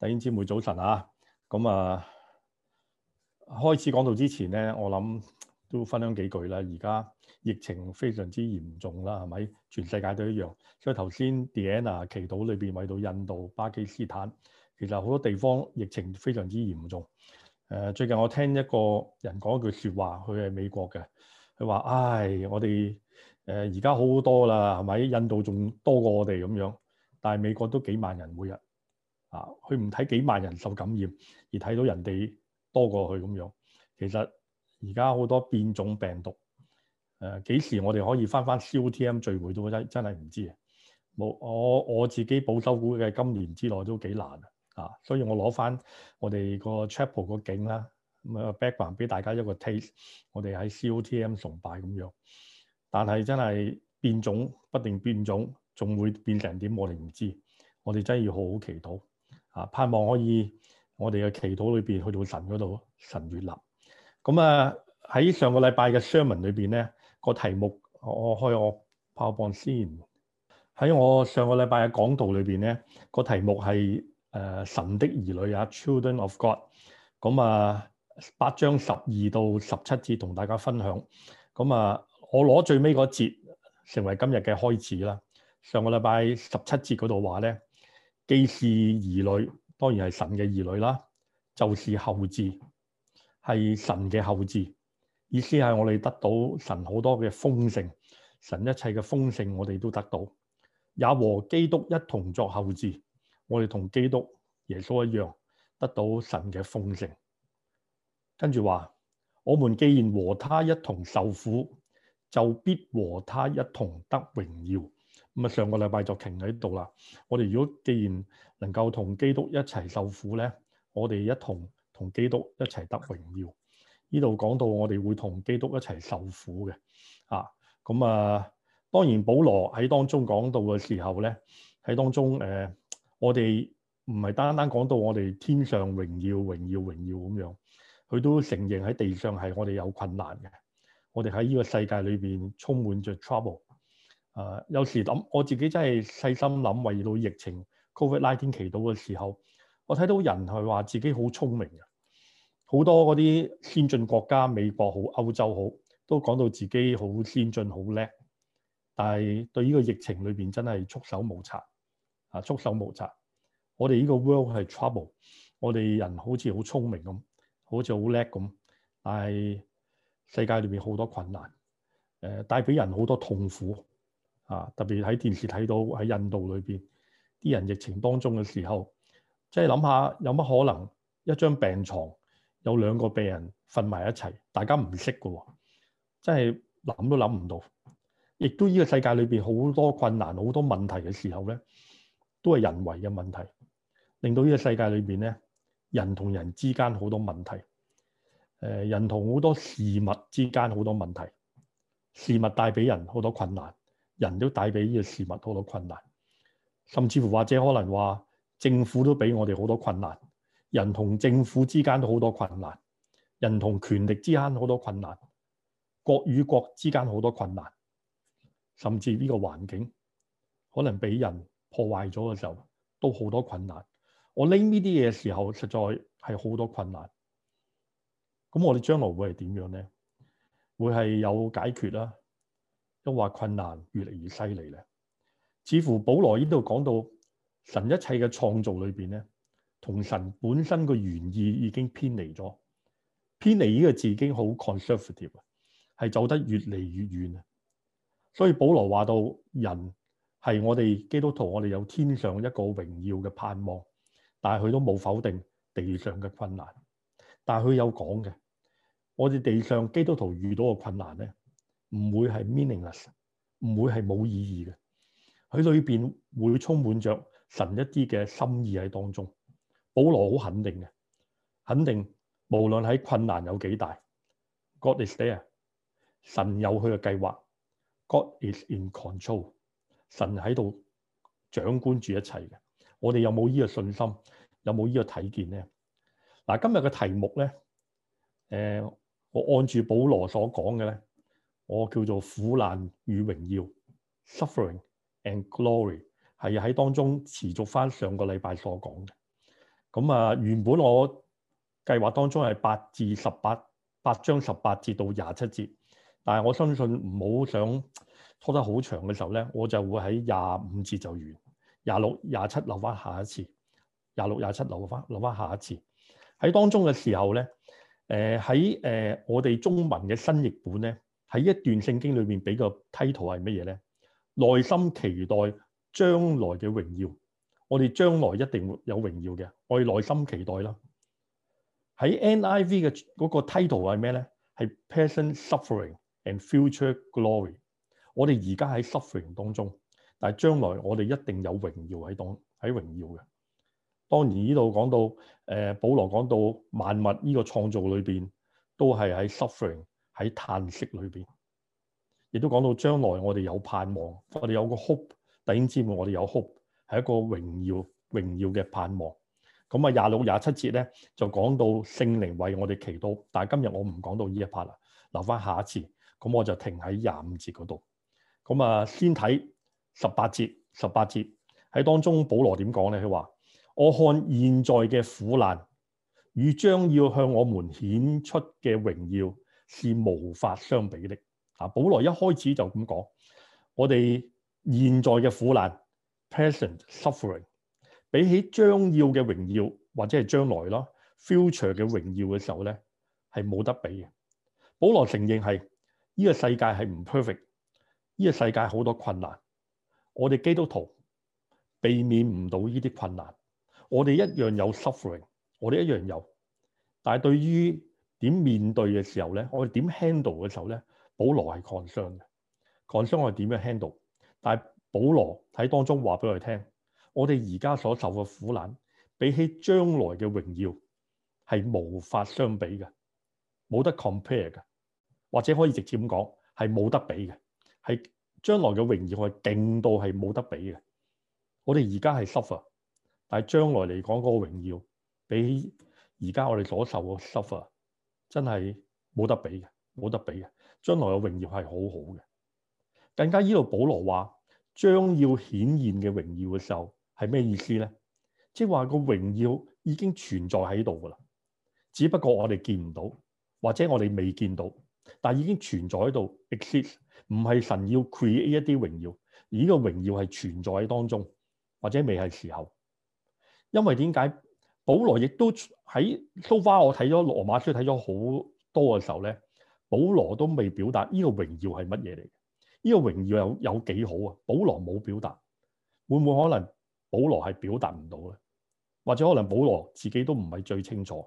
弟兄姊妹早晨啊！咁啊，開始講道之前呢，我諗都分享幾句啦。而家疫情非常之嚴重啦，係咪？全世界都一樣。所以頭先 Diana 祈禱裏面為到印度、巴基斯坦，其實好多地方疫情非常之嚴重。呃，最近我聽一個人講一句説話，佢係美國嘅，佢話：「唉，我哋誒而家好多啦，係咪？印度仲多過我哋咁樣，但係美國都幾萬人每日。啊！佢唔睇幾萬人受感染，而睇到人哋多過佢咁樣。其實而家好多變種病毒，誒、呃、幾時我哋可以翻翻 COTM 聚會都真真係唔知啊！冇我我自己保守估嘅，今年之內都幾難啊。所以我攞翻我哋個 chapel 個景啦，咁啊 background 俾大家一個 taste。我哋喺 COTM 崇拜咁樣，但係真係變種不定變種，仲會變成點？我哋唔知，我哋真係要好好祈禱。啊！盼望可以我哋嘅祈禱裏邊去到神嗰度，神悅納。咁啊，喺上個禮拜嘅 sermon 裏邊咧，個題目，我開我 PowerPoint 先。喺我上個禮拜嘅講道裏邊咧，個題目係誒、呃、神的兒女啊，Children of God。咁啊，八章十二到十七節同大家分享。咁啊，我攞最尾嗰節成為今日嘅開始啦。上個禮拜十七節嗰度話咧。既是兒女，當然係神嘅兒女啦。就是後嗣係神嘅後嗣，意思係我哋得到神好多嘅豐盛，神一切嘅豐盛我哋都得到，也和基督一同作後嗣。我哋同基督耶穌一樣得到神嘅豐盛。跟住話，我們既然和他一同受苦，就必和他一同得榮耀。咁啊，上個禮拜就停喺度啦。我哋如果既然能夠同基督一齊受苦咧，我哋一同同基督一齊得榮耀。呢度講到我哋會同基督一齊受苦嘅，啊，咁啊，當然保羅喺當中講到嘅時候咧，喺當中誒、呃，我哋唔係單單講到我哋天上榮耀、榮耀、榮耀咁樣，佢都承認喺地上係我哋有困難嘅，我哋喺呢個世界裏邊充滿着 trouble。誒有時諗我自己真係細心諗，為到疫情 COVID nineteen 祈禱嘅時候，我睇到人係話自己好聰明嘅，好多嗰啲先進國家，美國好、歐洲好，都講到自己好先進、好叻。但係對呢個疫情裏邊真係束手無策啊！束手無策。我哋呢個 world 係 trouble，我哋人好似好聰明咁，好似好叻咁，但係世界裏邊好多困難，誒帶俾人好多痛苦。啊！特別喺電視睇到喺印度裏邊啲人疫情當中嘅時候，即係諗下有乜可能一張病床，有兩個病人瞓埋一齊，大家唔識㗎喎，真係諗都諗唔到。亦都呢個世界裏邊好多困難，好多問題嘅時候咧，都係人為嘅問題，令到呢個世界裏邊咧人同人之間好多問題，誒人同好多事物之間好多問題，事物帶俾人好多困難。人都帶俾呢個事物好多困難，甚至乎或者可能話政府都俾我哋好多困難，人同政府之間都好多困難，人同權力之間好多困難，國與國之間好多困難，甚至呢個環境可能俾人破壞咗嘅時候都好多困難。我拎呢啲嘢嘅時候，實在係好多困難。咁我哋將來會係點樣咧？會係有解決啦，啊。都話困難越嚟越犀利咧，似乎保羅呢度講到神一切嘅創造裏邊咧，同神本身個原意已經偏離咗。偏離呢個字已經好 conservative 啦，係走得越嚟越遠啊。所以保羅話到，人係我哋基督徒，我哋有天上一個榮耀嘅盼望，但係佢都冇否定地上嘅困難，但係佢有講嘅，我哋地上基督徒遇到嘅困難咧。唔會係 meaningless，唔會係冇意義嘅。佢裏邊會充滿着神一啲嘅心意喺當中。保羅好肯定嘅，肯定無論喺困難有幾大，God is there，神有佢嘅計劃，God is in control，神喺度掌管住一切嘅。我哋有冇呢個信心，有冇呢個睇見咧？嗱，今日嘅題目咧，誒、呃，我按住保羅所講嘅咧。我叫做苦難與榮耀 （Suffering and Glory） 係喺當中持續翻上上個禮拜所講嘅咁啊。原本我計劃當中係八至十八八章十八節到廿七節，但係我相信唔好想拖得好長嘅時候咧，我就會喺廿五節就完。廿六廿七留翻下一次，廿六廿七留翻留翻下一次。喺當中嘅時候咧，誒喺誒我哋中文嘅新譯本咧。喺一段聖經裏面俾個 title 係乜嘢咧？內心期待將來嘅榮耀，我哋將來一定有榮耀嘅，我哋內心期待啦。喺 NIV 嘅嗰個 title 係咩咧？係 present suffering and future glory。我哋而家喺 suffering 當中，但係將來我哋一定有榮耀喺當喺榮耀嘅。當然呢度講到誒、呃，保羅講到萬物呢個創造裏邊都係喺 suffering。喺嘆息裏邊，亦都講到將來我哋有盼望，我哋有個 hope。弟兄姊妹，我哋有 hope，係一個榮耀榮耀嘅盼望。咁啊，廿六廿七節咧就講到聖靈為我哋祈禱，但係今日我唔講到呢一 part 啦，留翻下一次。咁我就停喺廿五節嗰度。咁啊，先睇十八節，十八節喺當中保羅點講咧？佢話：我看現在嘅苦難與將要向我們顯出嘅榮耀。是無法相比的。啊，保羅一開始就咁講，我哋現在嘅苦難 （present suffering） 比起將要嘅榮耀或者係將來咯 （future 嘅榮耀）嘅時候咧，係冇得比嘅。保羅承認係呢個世界係唔 perfect，呢個世界好多困難，我哋基督徒避免唔到呢啲困難，我哋一樣有 suffering，我哋一樣有，但係對於點面對嘅時候咧，我哋點 handle 嘅時候咧，保羅係 concern 嘅 concern。我哋點樣 handle？但係保羅喺當中話俾我哋聽，我哋而家所受嘅苦難比起將來嘅榮耀係無法相比嘅，冇得 compare 嘅，或者可以直接咁講係冇得比嘅，係將來嘅榮耀係勁到係冇得比嘅。我哋而家係 suffer，但係將來嚟講嗰個榮耀比起而家我哋所受嘅 suffer。真係冇得比嘅，冇得比嘅。將來嘅榮耀係好好嘅，更加依度保羅話將要顯現嘅榮耀嘅時候係咩意思咧？即係話個榮耀已經存在喺度噶啦，只不過我哋見唔到，或者我哋未見到，但已經存在喺度。exist 唔係神要 create 一啲榮耀，而呢個榮耀係存在喺當中，或者未係時候。因為點解？保羅亦都喺 so far 我睇咗羅馬書，睇咗好多嘅時候咧，保羅都未表達呢個榮耀係乜嘢嚟嘅？呢個榮耀有有幾好啊？保羅冇表達，會唔會可能保羅係表達唔到咧？或者可能保羅自己都唔係最清楚。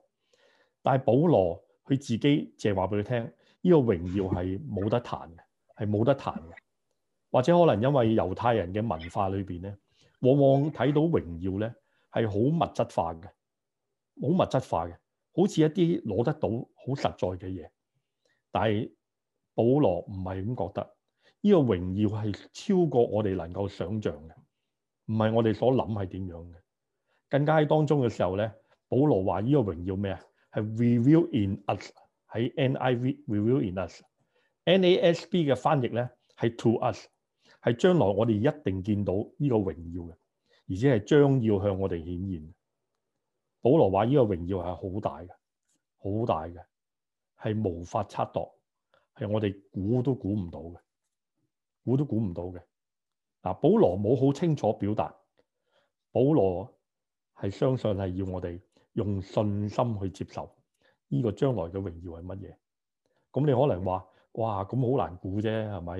但係保羅佢自己淨係話俾佢聽，呢個榮耀係冇得談嘅，係冇得談嘅。或者可能因為猶太人嘅文化裏邊咧，往往睇到榮耀咧係好物質化嘅。好物質化嘅，好似一啲攞得到好實在嘅嘢，但係保羅唔係咁覺得，呢個榮耀係超過我哋能夠想象嘅，唔係我哋所諗係點樣嘅。更加喺當中嘅時候咧，保羅話呢個榮耀咩啊？係 revealed in us 喺 NIV revealed in us NASB 嘅翻譯咧係 to us，係將來我哋一定見到呢個榮耀嘅，而且係將要向我哋顯現。保羅話：呢個榮耀係好大嘅，好大嘅，係無法測度，係我哋估都估唔到嘅，估都估唔到嘅。保羅冇好清楚表達，保羅係相信係要我哋用信心去接受呢個將來嘅榮耀係乜嘢。咁、嗯、你可能話：哇，咁好難估啫，係咪？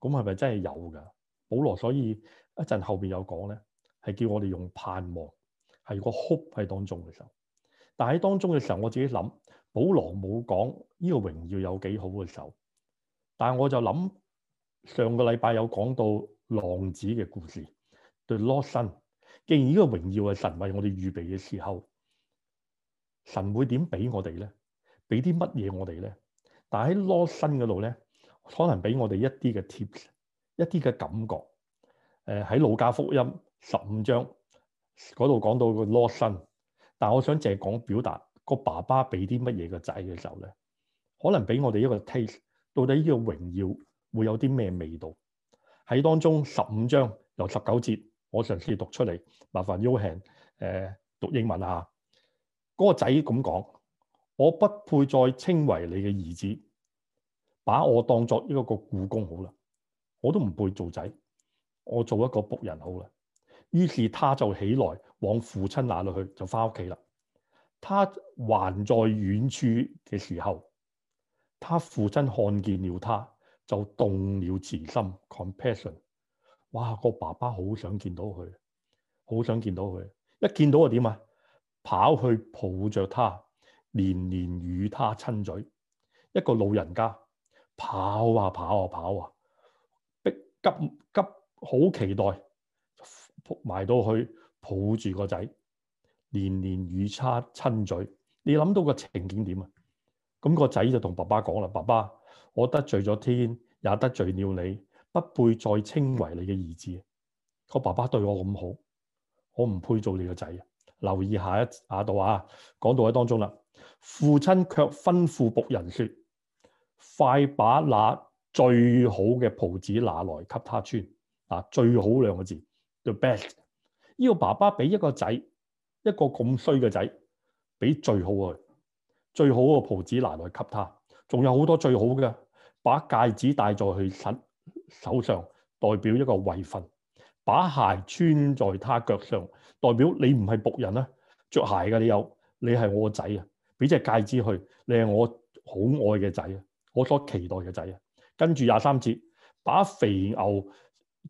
咁係咪真係有噶？保羅所以一陣後面有講咧，係叫我哋用盼望。係個哭喺當中嘅時候，但喺當中嘅時候，我自己諗，保羅冇講呢個榮耀有幾好嘅時候，但係我就諗，上個禮拜有講到浪子嘅故事，對羅申，既然呢個榮耀係神為我哋預備嘅時候，神會點俾我哋咧？俾啲乜嘢我哋咧？但係喺羅申嗰度咧，可能俾我哋一啲嘅 tips，一啲嘅感覺。誒、呃，喺路加福音十五章。嗰度講到個 losson，但係我想借講表達個爸爸俾啲乜嘢個仔嘅時候咧，可能俾我哋一個 taste，到底呢個榮耀會有啲咩味道？喺當中十五章由十九節，我嘗試讀出嚟，麻煩 U Hands、oh、誒、呃、讀英文啊！嗰、那個仔咁講：我不配再稱為你嘅兒子，把我當作一個個雇工好啦，我都唔配做仔，我做一個僕人好啦。於是他就起來往父親那裏去，就翻屋企啦。他還在遠處嘅時候，他父親看見了他，就動了慈心 （compassion）。哇！個爸爸好想見到佢，好想見到佢。一見到啊點啊，跑去抱著他，連連與他親嘴。一個老人家跑啊跑啊跑啊，跑啊跑啊急急好期待。埋到去抱，抱住個仔，連連與差親嘴。你諗到個情景點啊？咁、那個仔就同爸爸講啦：爸爸，我得罪咗天，也得罪了你，不配再稱為你嘅兒子。個爸爸對我咁好，我唔配做你個仔。啊，留意下一下度啊，講到喺當中啦。父親卻吩咐僕人說，快把那最好嘅袍子拿來給他穿。啊，最好兩個字。The best，呢個爸爸俾一個仔一個咁衰嘅仔，俾最好嘅最好嘅袍子拿來給他，仲有好多最好嘅，把戒指戴在佢手手上，代表一個位份；把鞋穿在他腳上，代表你唔係僕人啦，著鞋嘅你有，你係我個仔啊，俾隻戒指佢，你係我好愛嘅仔啊，我所期待嘅仔啊，跟住廿三節，把肥牛。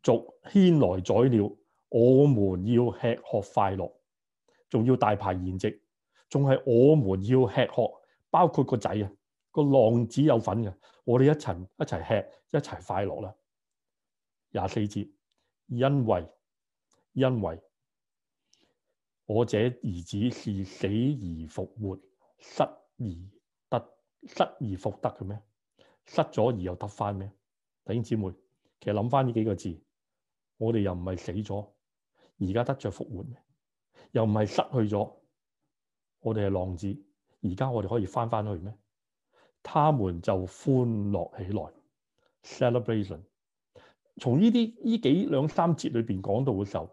逐牽來宰了，我們要吃喝快樂，仲要大排筵席，仲係我們要吃喝，包括個仔啊，個浪子有份嘅，我哋一齊一齊吃一齊快樂啦。廿四節，因為因為我這兒子是死而復活，失而得，失而復得嘅咩？失咗而又得翻咩？弟兄姊妹。其實諗翻呢幾個字，我哋又唔係死咗，而家得着復活又唔係失去咗，我哋係浪子，而家我哋可以翻翻去咩？他們就歡樂起來，celebration。從呢啲呢幾兩三節裏邊講到嘅時候，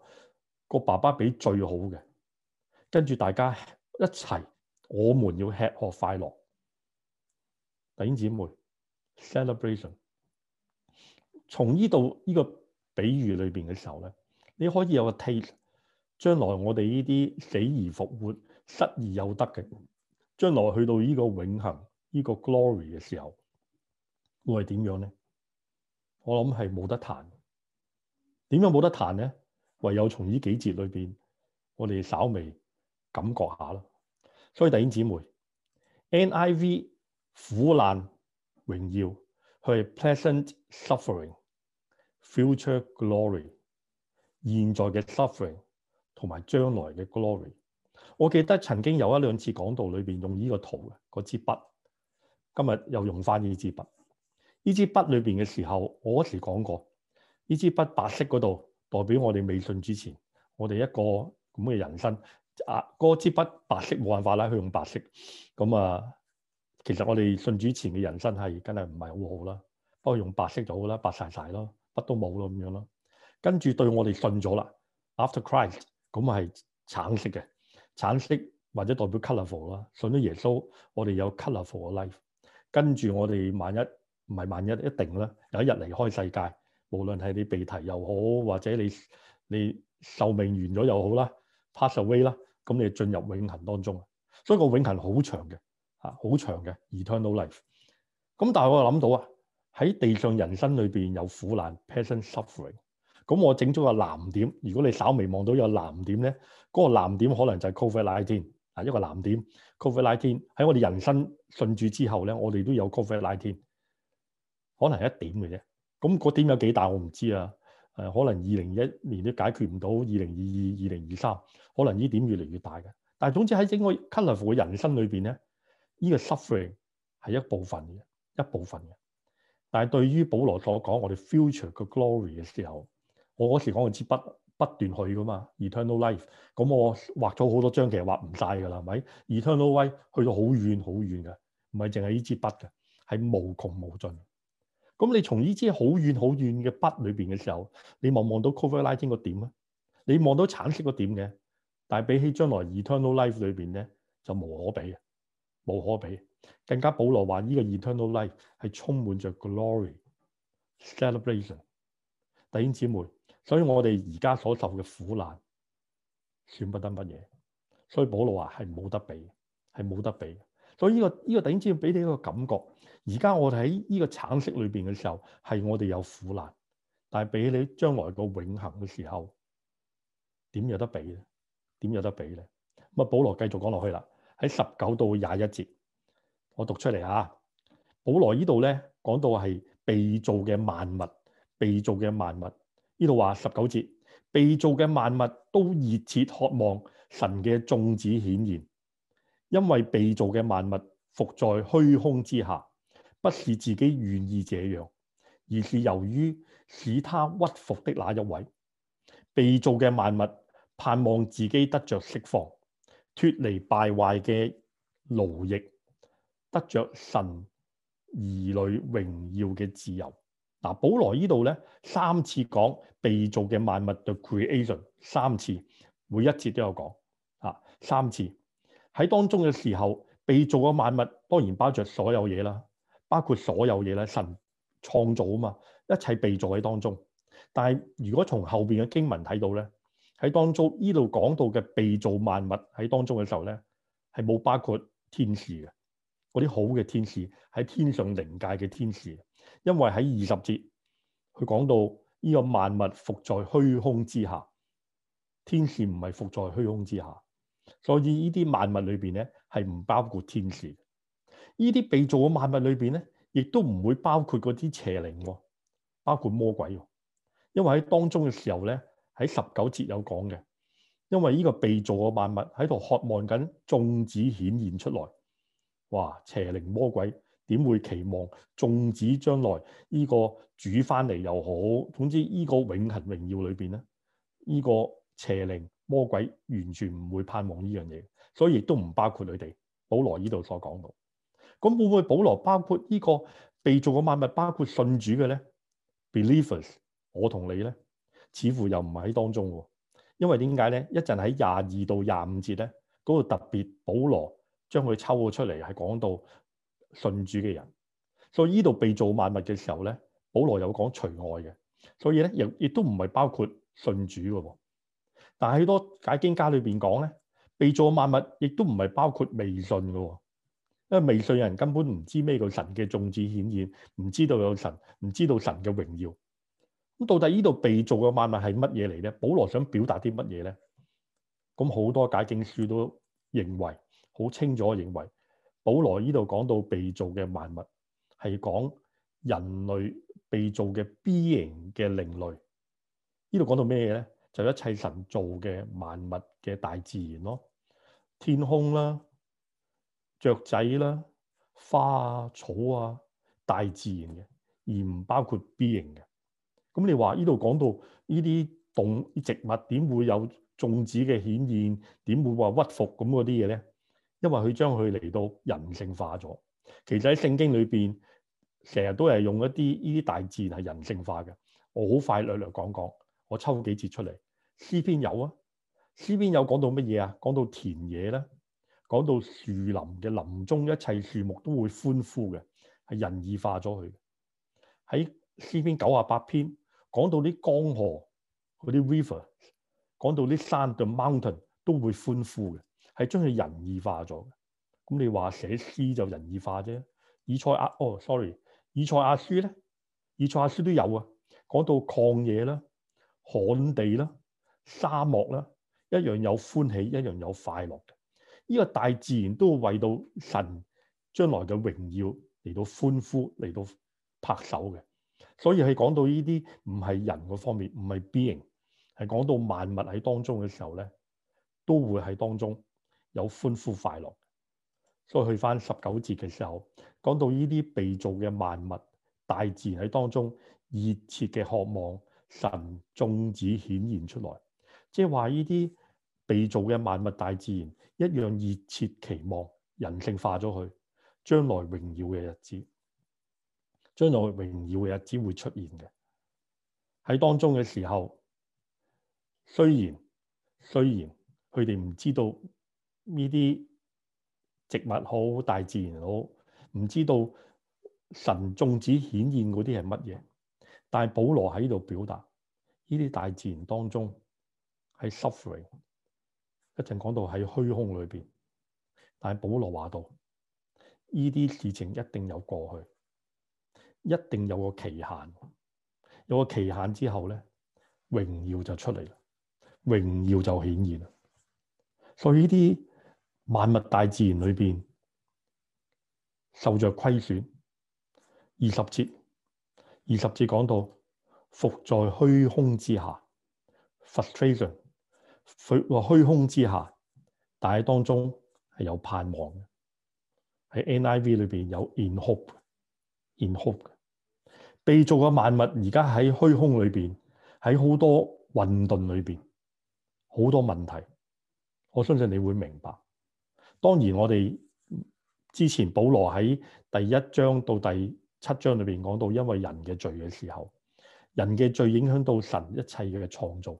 個爸爸俾最好嘅，跟住大家一齊，我們要吃喝快樂。弟兄姊妹，celebration。Celebr 從呢度呢個比喻裏邊嘅時候咧，你可以有個 taste。將來我哋呢啲死而復活、失而有得嘅，將來去到呢個永恆、呢個 glory 嘅時候，會係點樣咧？我諗係冇得談。點樣冇得談咧？唯有從呢幾節裏邊，我哋稍微感覺下啦。所以弟兄姊妹，NIV 苦難榮耀去 pleasant suffering。Future glory，現在嘅 suffering 同埋將來嘅 glory。我記得曾經有一兩次講道裏邊用呢個圖嘅嗰支筆，今日又用翻呢支筆。呢支筆裏邊嘅時候，我嗰時講過呢支筆白色嗰度代表我哋未信之前我哋一個咁嘅人生啊。嗰支筆白色冇辦法啦，佢用白色咁啊。其實我哋信主前嘅人生係真係唔係好好啦，不過用白色就好啦，白晒晒咯。乜都冇咯，咁樣咯，跟住對我哋信咗啦。After Christ，咁係橙色嘅，橙色或者代表 colorful 啦。信咗耶穌，我哋有 colorful 嘅 life。跟住我哋萬一唔係萬一一定啦，有一日離開世界，無論係你被提又好，或者你你壽命完咗又好啦，pass away 啦，咁你進入永恆當中。所以個永恆好長嘅，嚇好長嘅，eternal life。咁但係我又諗到啊。喺地上人生裏邊有苦難，person suffering。咁我整咗個藍點。如果你稍微望到有藍點咧，嗰、那個藍點可能就係 COVID-19 啊。一個藍點 COVID-19 喺我哋人生順住之後咧，我哋都有 COVID-19，可能係一點嘅啫。咁嗰點有幾大，我唔知啊。誒，可能二零一年都解決唔到，二零二二、二零二三，可能呢點越嚟越大嘅。但係總之喺整個 colorful 嘅人生裏邊咧，呢、這個 suffering 係一部分嘅，一部分嘅。但係對於保羅所講，我哋 future 嘅 glory 嘅時候，我嗰時講嘅支筆不斷去噶嘛，eternal life。咁我畫咗好多張，其實畫唔晒噶啦，係咪？eternal way 去到好遠好遠嘅，唔係淨係呢支筆嘅，係無窮無盡。咁你從呢支好遠好遠嘅筆裏邊嘅時候，你望望到 cover lighting 個點咧，你望到橙色個點嘅，但係比起將來 eternal life 裏邊咧，就無可比，無可比。更加保羅話呢個 eternal life 係充滿着 glory celebration。弟兄姊妹，所以我哋而家所受嘅苦難算不得乜嘢，所以保羅話係冇得比，係冇得比。所以呢個呢個弟兄姊妹俾你一個感覺，而家我哋喺呢個橙色裏邊嘅時候係我哋有苦難，但係俾你將來個永恒嘅時候點有得比？點有得比咧？咁啊，保羅繼續講落去啦，喺十九到廿一節。我讀出嚟啊。保羅呢度咧講到係被造嘅萬物，被造嘅萬物呢度話十九節，被造嘅萬物都熱切渴望神嘅眾子顯現，因為被造嘅萬物伏在虛空之下，不是自己願意這樣，而是由於使他屈服的那一位。被造嘅萬物盼望自己得着釋放，脫離敗壞嘅奴役。得著神兒女榮耀嘅自由嗱。保羅呢度咧三次講被造嘅萬物，對 creation 三次，每一節都有講吓三次，喺當中嘅時候，被造嘅萬物當然包括所有嘢啦，包括所有嘢啦。神創造啊嘛，一切被造喺當中。但係如果從後邊嘅經文睇到咧，喺當中呢度講到嘅被造萬物喺當中嘅時候咧，係冇包括天使嘅。嗰啲好嘅天使喺天上靈界嘅天使，因為喺二十節佢講到呢個萬物伏在虛空之下，天使唔係伏在虛空之下，所以呢啲萬物裏邊咧係唔包括天使。呢啲被造嘅萬物裏邊咧，亦都唔會包括嗰啲邪靈，包括魔鬼。因為喺當中嘅時候咧，喺十九節有講嘅，因為呢個被造嘅萬物喺度渴望緊眾子顯現出來。哇！邪靈魔鬼點會期望眾子將來呢個主翻嚟又好，總之呢個永恒榮耀裏邊咧，呢個邪靈魔鬼完全唔會盼望呢樣嘢，所以亦都唔包括你哋。保羅呢度所講到，咁會唔會保羅包括呢個被造嘅萬物包括信主嘅咧？Believers，我同你咧，似乎又唔係喺當中，因為點解咧？一陣喺廿二到廿五節咧，嗰個特別保羅。將佢抽咗出嚟，係講到信主嘅人，所以呢度被造萬物嘅時候咧，保羅有講除外嘅，所以咧亦亦都唔係包括信主嘅。但係好多解經家裏邊講咧，被造萬物亦都唔係包括未信嘅，因為未信人根本唔知咩叫神嘅眾子顯現，唔知道有神，唔知道神嘅榮耀。咁到底呢度被造嘅萬物係乜嘢嚟咧？保羅想表達啲乜嘢咧？咁好多解經書都認為。好清楚，我認為保羅呢度講到被造嘅萬物係講人類被造嘅 B 型嘅另類。呢度講到咩嘢咧？就一切神造嘅萬物嘅大自然咯，天空啦、啊、雀仔啦、啊、花啊草啊，大自然嘅，而唔包括 B 型嘅。咁你話呢度講到呢啲動植物點會有種子嘅顯現？點會話屈服咁嗰啲嘢咧？因為佢將佢嚟到人性化咗，其實喺聖經裏邊，成日都係用一啲呢啲大自然係人性化嘅。我好快略略講講，我抽幾節出嚟。詩篇有啊，詩篇有講到乜嘢啊？講到田野啦，講到樹林嘅林中一切樹木都會歡呼嘅，係人意化咗佢。喺詩篇九十八篇，講到啲江河嗰啲 river，講到啲山嘅 mountain 都會歡呼嘅。係將佢仁義化咗嘅。咁你話寫詩就仁義化啫。以賽亞哦，sorry，以賽亞書咧，以賽亞書都有啊。講到曠野啦、旱地啦、沙漠啦，一樣有歡喜，一樣有快樂嘅。呢個大自然都會為到神將來嘅榮耀嚟到歡呼，嚟到拍手嘅。所以係講到呢啲唔係人嗰方面，唔係 being，係講到萬物喺當中嘅時候咧，都會喺當中。有歡呼快樂，所以去返十九節嘅時候，講到呢啲被造嘅萬物大自然喺當中熱切嘅渴望神眾子顯現出來，即係話呢啲被造嘅萬物大自然一樣熱切期望人性化咗佢，將來榮耀嘅日子，將來榮耀嘅日子會出現嘅喺當中嘅時候，雖然雖然佢哋唔知道。呢啲植物好，大自然好，唔知道神宗旨顯現嗰啲係乜嘢。但係保羅喺度表達，呢啲大自然當中係 suffering。一陣講到喺虛空裏邊，但係保羅話到，呢啲事情一定有過去，一定有個期限。有個期限之後咧，榮耀就出嚟啦，榮耀就顯現啦。所以呢啲。萬物大自然裏邊受着虧損，二十節，二十節講到伏在虛空之下，frustration，虛虛空之下，但係當中係有盼望嘅，喺 NIV 裏邊有 in hope，in hope，, in hope 的被造嘅萬物而家喺虛空裏邊，喺好多混沌裏邊，好多問題，我相信你會明白。當然，我哋之前保羅喺第一章到第七章裏面講到，因為人嘅罪嘅時候，人嘅罪影響到神一切嘅創造，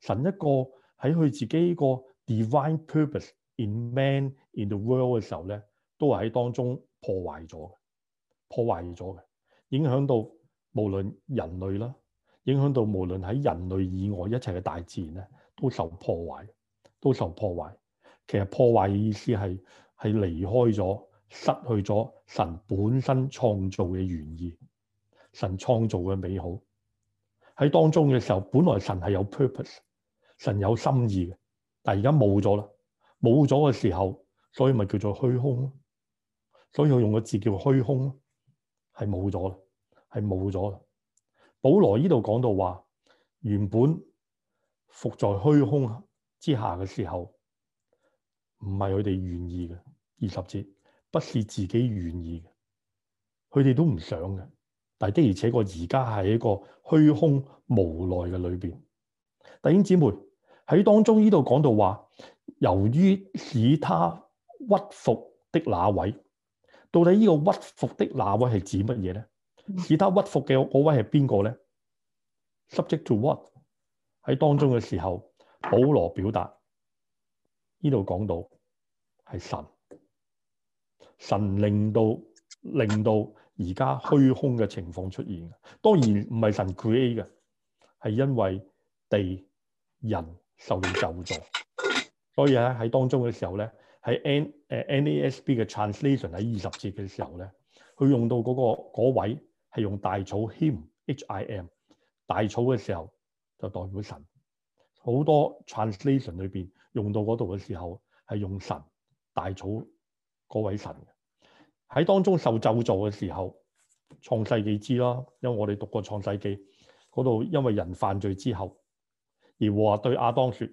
神一個喺佢自己個 divine purpose in man in the world 嘅時候呢，都係喺當中破壞咗，破壞咗嘅，影響到無論人類啦，影響到無論喺人類以外一切嘅大自然呢，都受破壞，都受破壞。其實破壞嘅意思係係離開咗，失去咗神本身創造嘅原意，神創造嘅美好喺當中嘅時候，本來神係有 purpose，神有心意嘅，但係而家冇咗啦，冇咗嘅時候，所以咪叫做虛空咯。所以我用個字叫虛空咯，係冇咗啦，係冇咗啦。保羅呢度講到話，原本伏在虛空之下嘅時候。唔係佢哋願意嘅，二十節不是自己願意嘅，佢哋都唔想嘅。但的而且確，而家係一個虛空無奈嘅裏面。弟兄姊妹喺當中呢度講到話，由於使他屈服的那位，到底呢個屈服的那位係指乜嘢呢？使他屈服嘅嗰位係邊個咧？Subject to what？喺當中嘅時候，保羅表達。呢度講到係神，神令到令到而家虛空嘅情況出現。當然唔係神 create 嘅，係因為地人受了咒詛。所以咧喺當中嘅時候呢喺 NASB 嘅 translation 喺二十節嘅時候呢佢用到嗰、那個那位係用大草 him，H-I-M 大草嘅時候就代表神。好多 translation 裏邊。用到嗰度嘅時候，係用神大草嗰位神喺當中受咒詛嘅時候，創世記知啦，因為我哋讀過創世記嗰度，因為人犯罪之後，而話對亞當說：，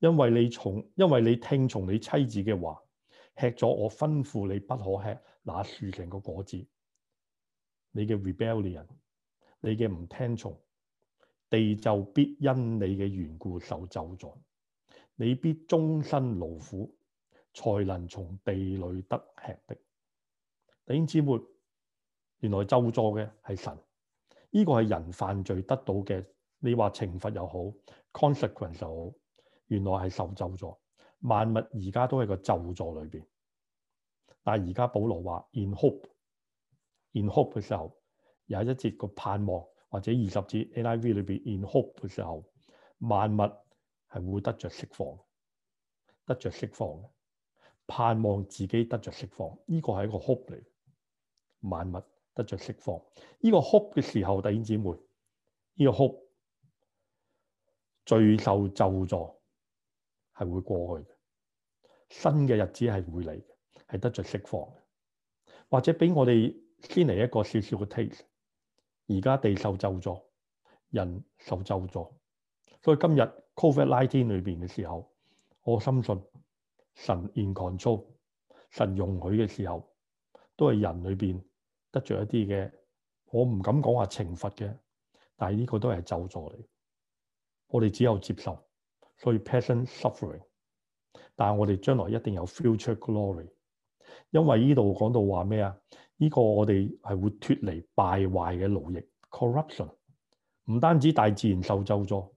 因為你從，因為你聽從你妻子嘅話，吃咗我吩咐你不可吃那樹成個果子，你嘅 rebellion，你嘅唔聽從，地就必因你嘅緣故受咒詛。你必終身勞苦，才能從地裏得吃的。弟兄姊妹，原來咒坐嘅係神，呢、呢個係人犯罪得到嘅。你話懲罰又好，consequence 又好，原來係受咒坐。萬物而家都係個咒坐裏邊。但係而家保羅話，in hope，in hope 嘅 hope 時候有一節個盼望，或者二十節 NIV 裏邊 in hope 嘅時候，萬物。係會得着釋放，得着釋放嘅盼望自己得着釋放。呢個係一個 hope 嚟，萬物得着釋放。呢個 hope 嘅時候，弟兄姊妹，呢個 hope 罪受咒助係會過去嘅，新嘅日子係會嚟嘅，係得着釋放嘅。或者俾我哋先嚟一個少少嘅 taste。而家地受咒助，人受咒助，所以今日。Covert i g h t e n 裏邊嘅時候，我深信神 e n c o 願控操、神容許嘅時候，都係人裏邊得著一啲嘅。我唔敢講話懲罰嘅，但係呢個都係咒助嚟。我哋只有接受，所以 p a s s i o n suffering。但係我哋將來一定有 future glory，因為呢度講到話咩啊？呢、這個我哋係會脫離敗壞嘅奴役 （corruption），唔單止大自然受咒助。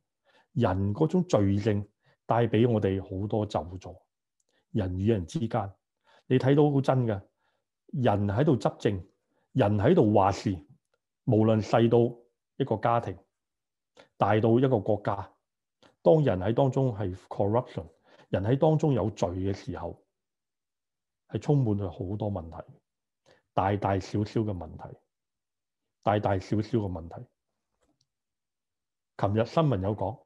人嗰種罪性帶俾我哋好多咒詛。人與人之間，你睇到好真嘅，人喺度執政，人喺度話事，無論細到一個家庭，大到一個國家，當人喺當中係 corruption，人喺當中有罪嘅時候，係充滿咗好多問題，大大小小嘅問題，大大小小嘅問題。琴日新聞有講。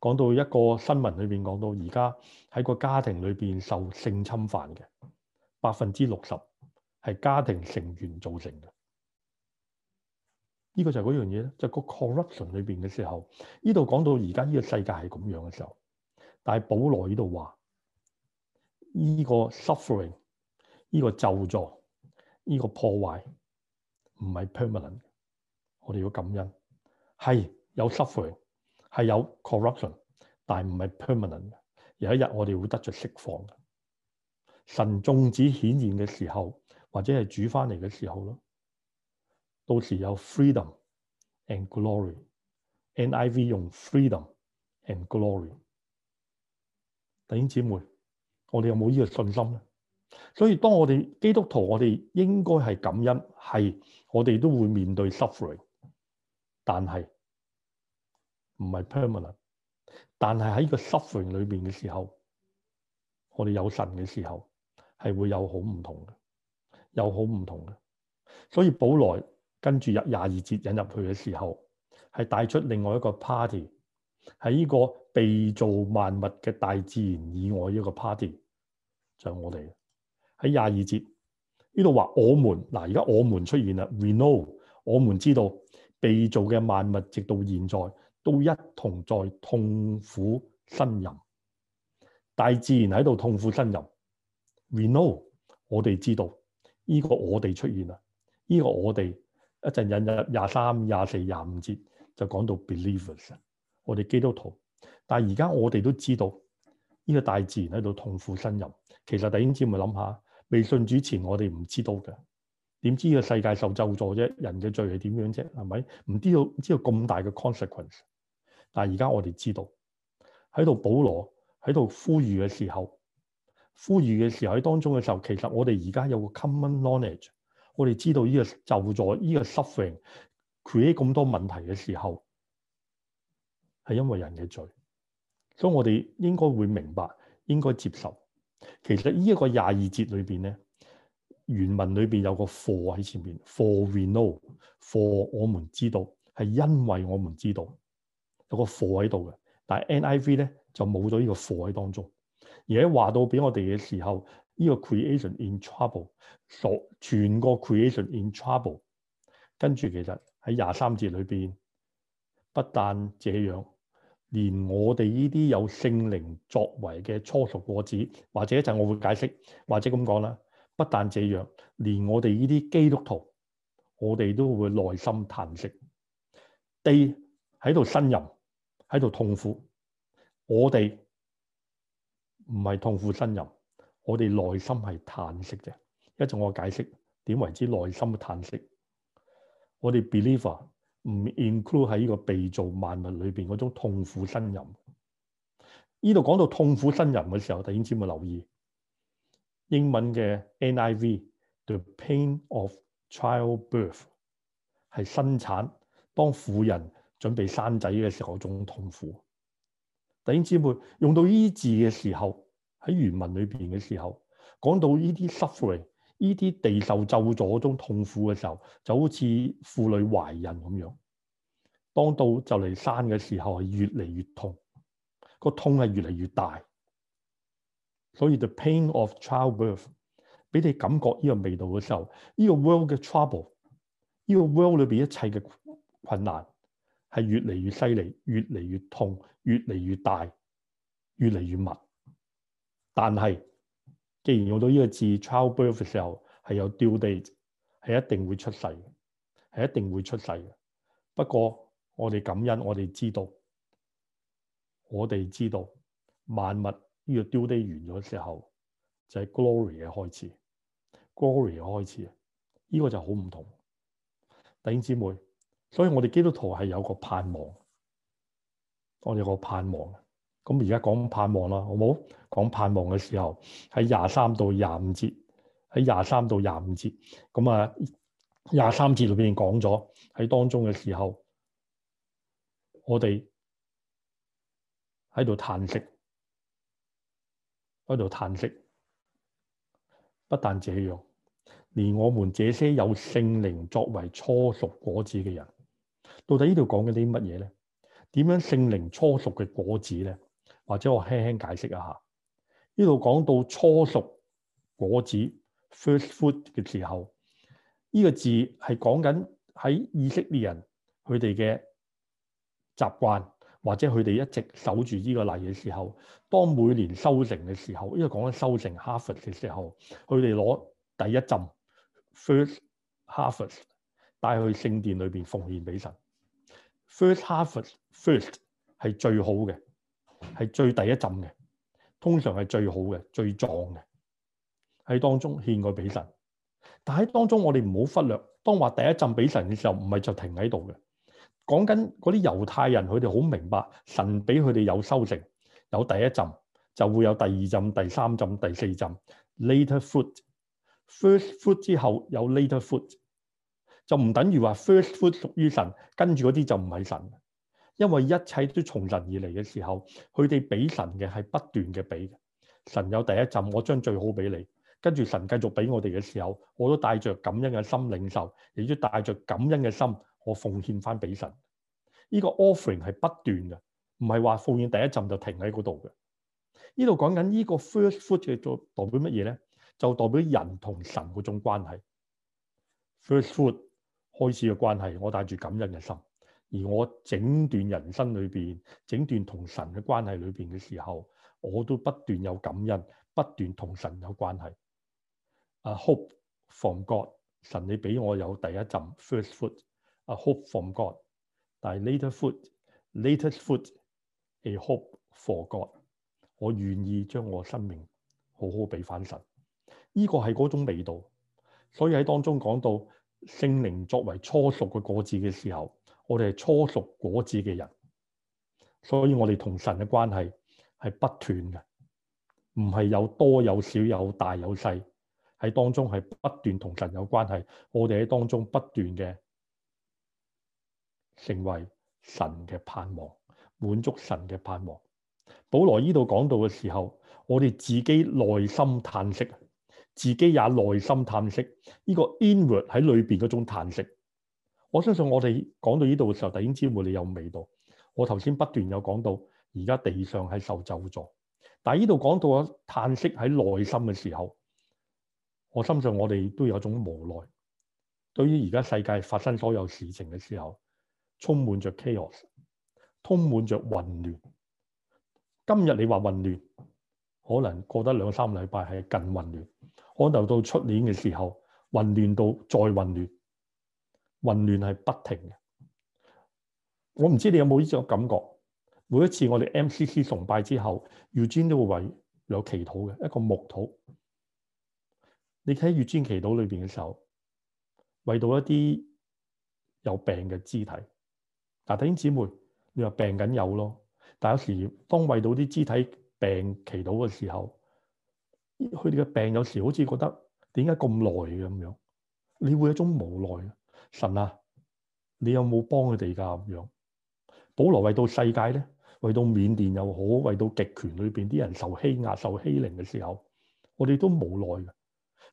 講到一個新聞裏面，講到，而家喺個家庭裏邊受性侵犯嘅百分之六十係家庭成員造成嘅，呢、這個就係嗰樣嘢咧，就是、個 corruption 裏面嘅時候，呢度講到而家呢個世界係咁樣嘅時候，但係保羅呢度話呢個 suffering 呢個咒詛，呢、這個破壞唔係 permanent，我哋要感恩係有 suffering。係有 corruption，但唔係 permanent，有一日我哋會得著釋放嘅。神眾子顯現嘅時候，或者係主翻嚟嘅時候咯，到時有 freedom and glory。NIV 用 freedom and glory。弟兄姊妹，我哋有冇呢個信心咧？所以當我哋基督徒，我哋應該係感恩，係我哋都會面對 suffering，但係，唔係 permanent，但係喺呢個 suffering 裏邊嘅時候，我哋有神嘅時候係會有好唔同嘅，有好唔同嘅。所以保羅跟住入廿二節引入去嘅時候，係帶出另外一個 party，喺呢個被造萬物嘅大自然以外一個 party，就係我哋喺廿二節呢度話我們嗱，而家我，我們出現啦。We know，我們知道被造嘅萬物直到現在。都一同在痛苦呻吟，大自然喺度痛苦呻吟。We know，我哋知道呢個我哋出現啦。呢個我哋一陣引入廿三、廿四、廿五節就講到 believers，我哋基督徒。但係而家我哋都知道呢個大自然喺度痛苦呻吟。其實弟兄姊妹咪諗下，未信主前我哋唔知道嘅，點知呢個世界受咒助啫，人嘅罪係點樣啫？係咪唔知道知道咁大嘅 consequence？但而家我哋知道喺度，保羅喺度呼籲嘅時候，呼籲嘅時候喺當中嘅時候，其實我哋而家有個 common knowledge，我哋知道呢、這個救助呢個 suffering create 咁多問題嘅時候，係因為人嘅罪，所以我哋應該會明白，應該接受。其實呢一個廿二節裏邊咧，原文裏邊有個 for 喺前面，for we know，for 我們知道，係因為我們知道。有個貨喺度嘅，但係 NIV 咧就冇咗呢個貨喺當中。而喺話到俾我哋嘅時候，呢、這個 Creation in trouble，所全個 Creation in trouble。跟住其實喺廿三節裏邊，不但這樣，連我哋呢啲有聖靈作為嘅初熟果子，或者一陣我會解釋，或者咁講啦，不但這樣，連我哋呢啲基督徒，我哋都會內心嘆息，D，喺度呻吟。喺度痛苦，我哋唔係痛苦呻吟，我哋內心係嘆息啫。一陣我解釋點為之內心嘅嘆息。我哋 believer 唔 include 喺呢個被造萬物裏邊嗰種痛苦呻吟。呢度講到痛苦呻吟嘅時候，突然大家有冇留意英文嘅 NIV，the pain of childbirth 係生產當婦人。準備生仔嘅時候，嗰種痛苦。弟兄姊妹用到呢啲字嘅時候，喺原文裏邊嘅時候，講到呢啲 suffering，呢啲地受咒咗嗰種痛苦嘅時候，就好似婦女懷孕咁樣。當到就嚟生嘅時候，係越嚟越痛，個痛係越嚟越大。所以 the pain of childbirth 俾你感覺呢個味道嘅時候，呢個 world 嘅 trouble，呢個 world 裏邊一切嘅困難。係越嚟越犀利，越嚟越痛，越嚟越大，越嚟越密。但係，既然用到呢個字，childbirth 嘅時候係有 due date，係一定會出世，係一定會出世。不過我哋感恩，我哋知道，我哋知道萬物呢個 due date 完咗嘅時候，就係、是、glory 嘅開始，glory 嘅開始。呢、這個就好唔同，弟兄姊妹。所以我哋基督徒係有個盼望，我有個盼望。咁而家講盼望啦，好冇？講盼望嘅時候喺廿三到廿五節，喺廿三到廿五節咁啊，廿三節裏面講咗喺當中嘅時候，我哋喺度嘆息，喺度嘆息。不但這樣，連我們這些有聖靈作為初熟果子嘅人。到底呢度講緊啲乜嘢咧？點樣聖靈初熟嘅果子咧？或者我輕輕解釋一下。呢度講到初熟果子 （first fruit） 嘅時候，呢個字係講緊喺以色列人佢哋嘅習慣，或者佢哋一直守住呢個例嘅時候，當每年收成嘅時候，因為講緊收成 （harvest） 嘅時候，佢哋攞第一浸 （first harvest） 帶去聖殿裏邊奉獻俾神。First harvest first 係最好嘅，係最第一浸嘅，通常係最好嘅、最壯嘅。喺當中獻過俾神，但喺當中我哋唔好忽略，當話第一浸俾神嘅時候，唔係就停喺度嘅。講緊嗰啲猶太人，佢哋好明白神俾佢哋有收成，有第一浸就會有第二浸、第三浸、第四浸。Later fruit，first fruit 之後有 later fruit 就唔等於話 first food 屬於神，跟住嗰啲就唔係神，因為一切都從神而嚟嘅時候，佢哋俾神嘅係不斷嘅俾嘅。神有第一陣，我將最好俾你，跟住神繼續俾我哋嘅時候，我都帶着感恩嘅心領受，亦都帶着感恩嘅心，我奉獻翻俾神。呢個 offering 係不斷嘅，唔係話奉獻第一陣就停喺嗰度嘅。呢度講緊呢個 first food 嘅代代表乜嘢咧？就代表人同神嗰種關係。first food。開始嘅關係，我帶住感恩嘅心，而我整段人生裏邊，整段同神嘅關係裏邊嘅時候，我都不斷有感恩，不斷同神有關係。啊，hope from God，神你俾我有第一陣 first foot，啊，hope from God，但係 later foot，later foot，a hope for God，我願意將我生命好好俾翻神，呢個係嗰種味道。所以喺當中講到。聖靈作為初熟嘅果子嘅時候，我哋係初熟果子嘅人，所以我哋同神嘅關係係不斷嘅，唔係有多有少有大有細，喺當中係不斷同神有關係。我哋喺當中不斷嘅成為神嘅盼望，滿足神嘅盼望。保羅呢度講到嘅時候，我哋自己內心嘆息。自己也內心嘆息，呢個 inward 喺裏邊嗰種嘆息。我相信我哋講到呢度嘅時候，突然知會你有味道。我頭先不斷有講到，而家地上係受咒詛，但係呢度講到嘅嘆息喺內心嘅時候，我相信我哋都有種無奈。對於而家世界發生所有事情嘅時候，充滿着 chaos，充滿着混亂。今日你話混亂，可能過得兩三個禮拜係更混亂。可能到出年嘅時候，混亂到再混亂，混亂係不停嘅。我唔知你有冇呢種感覺？每一次我哋 MCC 崇拜之後，UJ 都會為有祈禱嘅一個默禱。你睇 UJ 祈禱裏面嘅時候，為到一啲有病嘅肢體。嗱、啊、弟兄姊妹，你話病緊有咯，但有時當為到啲肢體病祈禱嘅時候，佢哋嘅病有時好似覺得點解咁耐嘅咁樣，你會有一種無奈嘅。神啊，你有冇幫佢哋噶咁樣？保羅為到世界咧，為到緬甸又好，為到極權裏邊啲人受欺壓、受欺凌嘅時候，我哋都無奈嘅。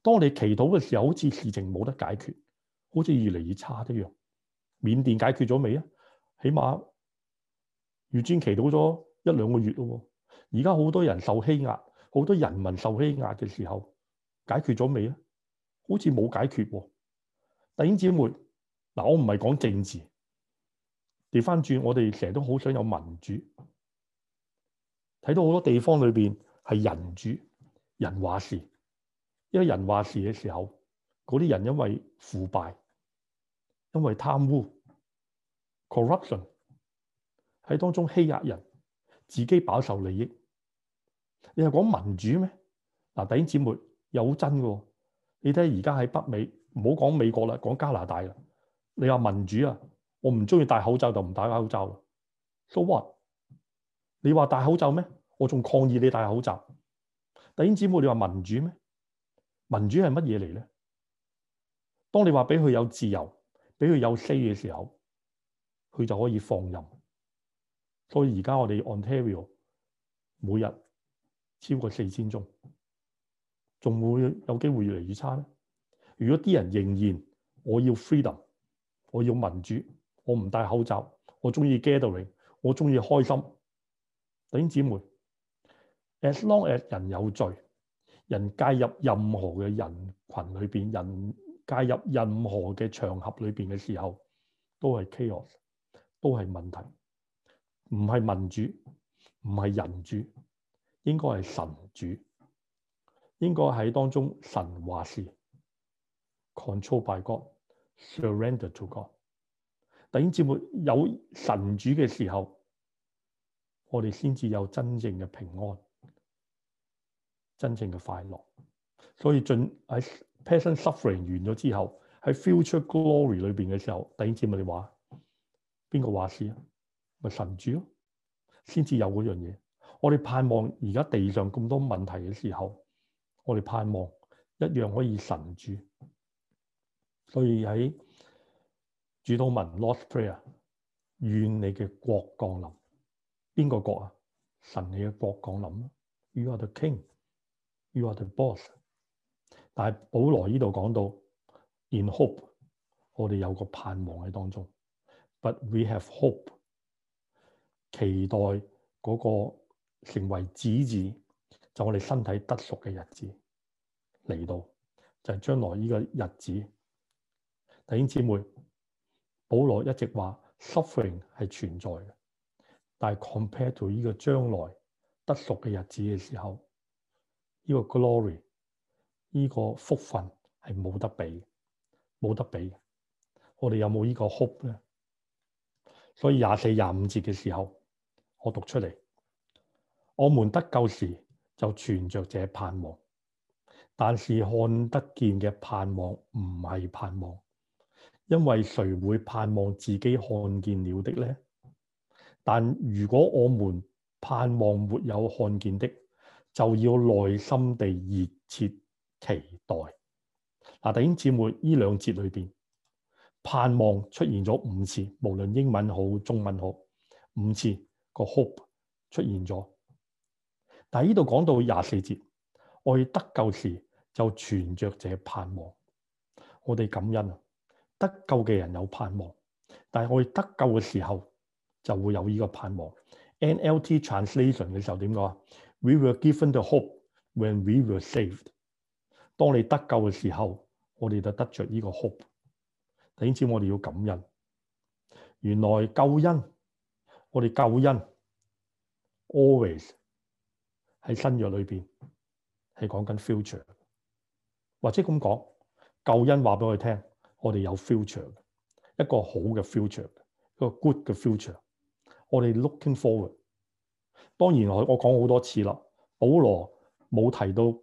當你祈禱嘅時候，好似事情冇得解決，好似越嚟越差一樣。緬甸解決咗未啊？起碼預先祈禱咗一兩個月咯。而家好多人受欺壓。好多人民受欺壓嘅時候，解決咗未咧？好似冇解決喎、哦。弟兄姊妹，嗱，我唔係講政治。調翻轉，我哋成日都好想有民主。睇到好多地方裏邊係人主、人話事，因為人話事嘅時候，嗰啲人因為腐敗、因為貪污、corruption 喺當中欺壓人，自己飽受利益。你係講民主咩？嗱，弟兄姊妹，又好真嘅、哦。你睇下而家喺北美，唔好講美國啦，講加拿大啦。你話民主啊？我唔中意戴口罩就唔戴口罩啦。So what？你話戴口罩咩？我仲抗議你戴口罩。弟兄姊妹，你話民主咩？民主係乜嘢嚟咧？當你話俾佢有自由，俾佢有 say 嘅時候，佢就可以放任。所以而家我哋 Ontario 每日，超過四千宗，仲會有機會越嚟越差咧。如果啲人仍然我要 freedom，我要民主，我唔戴口罩，我中意 gathering，我中意開心，弟兄姊妹，as long as 人有罪，人介入任何嘅人群裏邊，人介入任何嘅場合裏邊嘅時候，都係 chaos，都係問題，唔係民主，唔係人主。應該係神主，應該喺當中神話事，Control by God, Surrender to God。第二節目有神主嘅時候，我哋先至有真正嘅平安，真正嘅快樂。所以盡喺 passion suffering 完咗之後，喺 future glory 裏面嘅時候，第二節目你話邊個話事，就是，啊？咪神主咯，先至有嗰樣嘢。我哋盼望而家地上咁多問題嘅時候，我哋盼望一樣可以神住。所以喺主禱文 （Lord’s Prayer），願你嘅國降臨。邊個國啊？神你嘅國降臨。You are the King, you are the Boss。但係保羅呢度講到，In hope 我哋有個盼望喺當中，But we have hope，期待嗰、那個。成為子子，就是、我哋身體得贖嘅日子嚟到，就係、是、將來呢個日子。弟兄姊妹，保羅一直話 suffering 係存在嘅，但係 compare to 呢個將來得贖嘅日子嘅時候，呢、呢個 glory，呢個福分係冇得比，冇得比。我哋有冇呢個 hope 咧？所以廿四廿五節嘅時候，我讀出嚟。我們得救時就存着這盼望，但是看得見嘅盼望唔係盼望，因為誰會盼望自己看見了的呢？但如果我們盼望沒有看見的，就要耐心地熱切期待嗱、啊。弟兄姊妹，呢兩節裏邊盼望出現咗五次，無論英文好中文好，五次個 hope 出現咗。但係呢度講到廿四節，我哋得救時就存着這盼望，我哋感恩啊！得救嘅人有盼望，但係我哋得救嘅時候就會有呢個盼望。NLT translation 嘅時候點講？We were given the hope when we were saved。當你得救嘅時候，我哋就得着呢個 hope。因此我哋要感恩，原來救恩，我哋救恩，always。喺新約裏邊係講緊 future，或者咁講，救恩話俾我哋聽，我哋有 future，一個好嘅 future，一個 good 嘅 future。我哋 looking forward。當然我我講好多次啦，保羅冇提到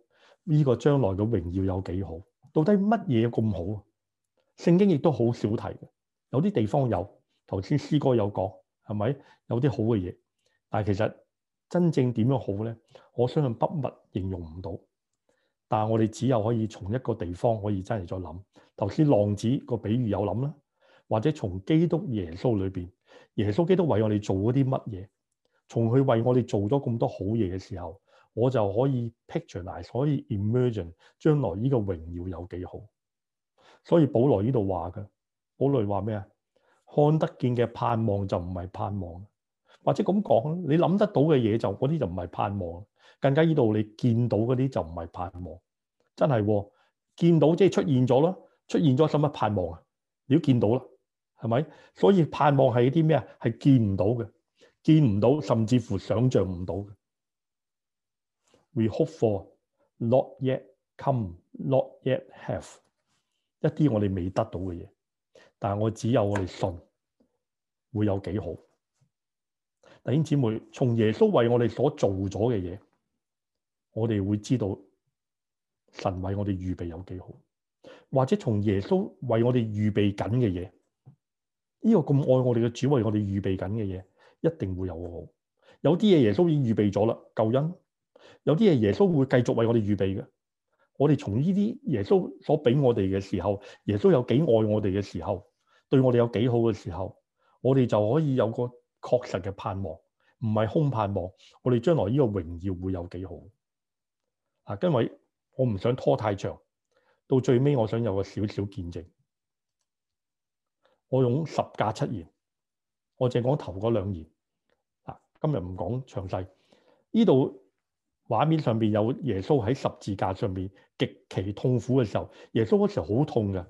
呢個將來嘅榮耀有幾好，到底乜嘢咁好？聖經亦都好少提，有啲地方有頭先詩歌有講，係咪有啲好嘅嘢？但係其實。真正點樣好咧？我相信筆墨形容唔到，但係我哋只有可以從一個地方可以真係再諗。頭先浪子個比喻有諗啦，或者從基督耶穌裏邊，耶穌基督為我哋做嗰啲乜嘢，從佢為我哋做咗咁多好嘢嘅時候，我就可以 pictureize，可以 imagine 將來呢個榮耀有幾好。所以保羅呢度話嘅，保羅話咩啊？看得見嘅盼望就唔係盼望。或者咁講，你諗得到嘅嘢就嗰啲就唔係盼望，更加呢度你見到嗰啲就唔係盼望，真係喎、哦！見到即係出現咗啦，出現咗使乜盼望啊？你都見到啦，係咪？所以盼望係啲咩啊？係見唔到嘅，見唔到甚至乎想像唔到嘅。We hope for not yet come, not yet have 一啲我哋未得到嘅嘢，但係我只有我哋信會有幾好。弟兄姊妹，從耶穌為我哋所做咗嘅嘢，我哋會知道神為我哋預備有幾好；或者從耶穌為我哋預備緊嘅嘢，呢個咁愛我哋嘅主為我哋預備緊嘅嘢，一定會有個好。有啲嘢耶穌已經預備咗啦，救恩；有啲嘢耶穌會繼續為我哋預備嘅。我哋從呢啲耶穌所俾我哋嘅時候，耶穌有幾愛我哋嘅時候，對我哋有幾好嘅時候，我哋就可以有個確實嘅盼望，唔係空盼望。我哋將來呢個榮耀會有幾好啊？因為我唔想拖太長，到最尾我想有個少少見證。我用十架七言，我淨係講頭嗰兩言。嗱，今日唔講詳細。呢度畫面上邊有耶穌喺十字架上邊極其痛苦嘅時候，耶穌嗰時候好痛嘅，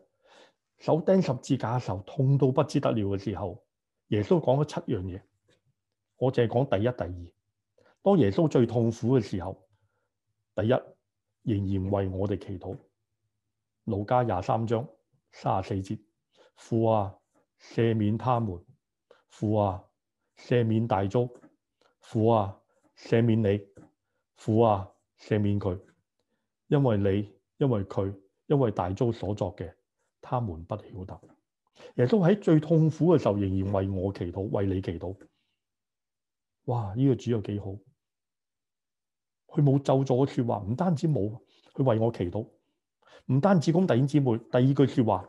手釘十字架嘅時候痛到不知得了嘅時候。耶穌講咗七樣嘢，我淨係講第一、第二。當耶穌最痛苦嘅時候，第一仍然為我哋祈禱。路加廿三章三十四節：「父啊，赦免他們；父啊，赦免大租；父啊，赦免你；父啊，赦免佢。因為你，因為佢，因為大租所作嘅，他們不曉得。耶穌喺最痛苦嘅時候，仍然為我祈禱，為你祈禱。哇！呢個主有幾好，佢冇咒詛嘅說話，唔單止冇，佢為我祈禱，唔單止講弟兄姊妹。第二句說話，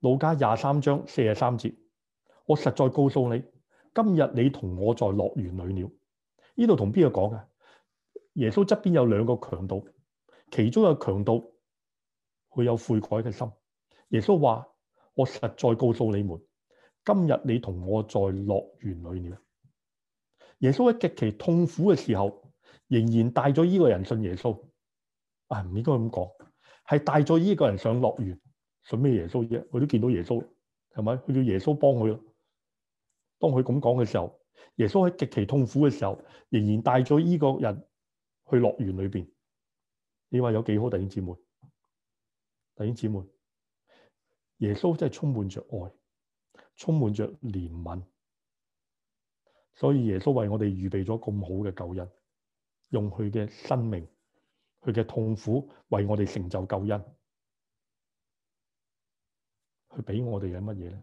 路加廿三章四十三節，我實在告訴你，今日你同我在樂園裏了。呢度同邊個講啊？耶穌側邊有兩個強盜，其中有強盜佢有悔改嘅心。耶穌話。我實在告訴你們，今日你同我在樂園裏面，耶穌喺極其痛苦嘅時候，仍然帶咗呢個人信耶穌。啊、哎，唔應該咁講，係帶咗呢個人上樂園，信咩耶穌啫？我都見到耶穌，係咪？佢叫耶穌幫佢。當佢咁講嘅時候，耶穌喺極其痛苦嘅時候，仍然帶咗呢個人去樂園裏邊。你話有幾好？弟兄姊妹，弟兄姊妹。耶穌真係充滿着愛，充滿着憐憫，所以耶穌為我哋預備咗咁好嘅救恩，用佢嘅生命、佢嘅痛苦為我哋成就救恩，佢俾我哋嘅乜嘢咧？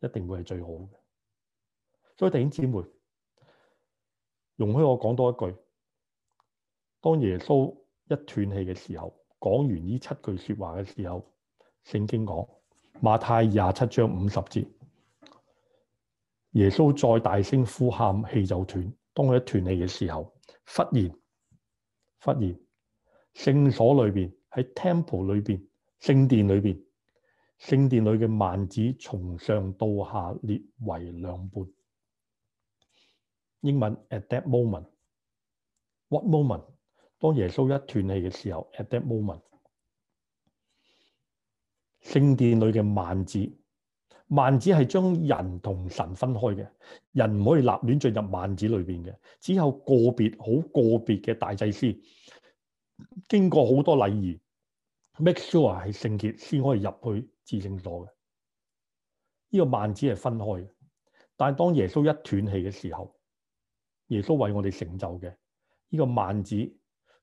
一定會係最好嘅。所以弟兄姊妹，容許我講多一句：當耶穌一斷氣嘅時候，講完呢七句說話嘅時候，聖經講。馬太廿七章五十節，耶穌再大聲呼喊，氣就斷。當佢一斷氣嘅時候，忽然，忽然，聖所裏邊，喺 temple 裏邊，聖殿裏邊，聖殿裏嘅幔子從上到下裂為兩半。英文 at that moment，what moment？當耶穌一斷氣嘅時候，at that moment。聖殿裏嘅幔子，幔子係將人同神分開嘅，人唔可以立亂進入幔子裏邊嘅，只有個別好個別嘅大祭司經過好多禮儀，make sure 係聖潔先可以入去至聖所嘅。呢、這個幔子係分開嘅，但係當耶穌一斷氣嘅時候，耶穌為我哋成就嘅呢、這個幔子，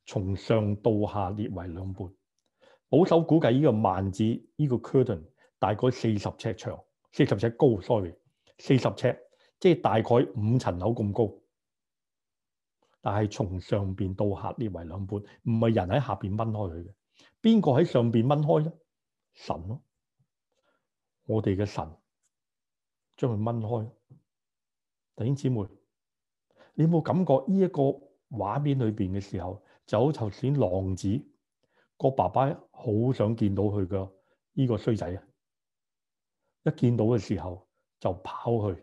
從上到下裂為兩半。保守估計，呢個幔子，呢、呢個 curtain 大概四十尺長，四十尺高，sorry，四十尺，即係大概五層樓咁高。但係從上邊到下裂為兩半，唔係人喺下邊掹開佢嘅，邊個喺上邊掹開咧？神咯、啊，我哋嘅神將佢掹開。弟兄姊妹，你有冇感覺呢一個畫面裏邊嘅時候，就好似頭先浪子，個爸爸好想見到佢嘅呢個衰仔啊！一見到嘅時候就跑去，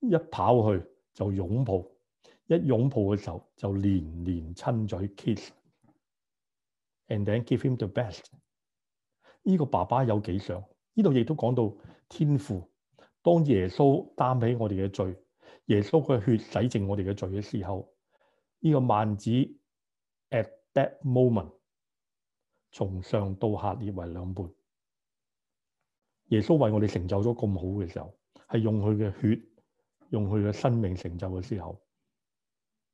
一跑去就擁抱，一擁抱嘅時候就連連親嘴 kiss，and then give him the best。呢個爸爸有幾想？呢度亦都講到天父，當耶穌擔起我哋嘅罪，耶穌佢血洗淨我哋嘅罪嘅時候，呢、這個萬子 at that moment。從上到下裂為兩半。耶穌為我哋成就咗咁好嘅時候，係用佢嘅血，用佢嘅生命成就嘅時候，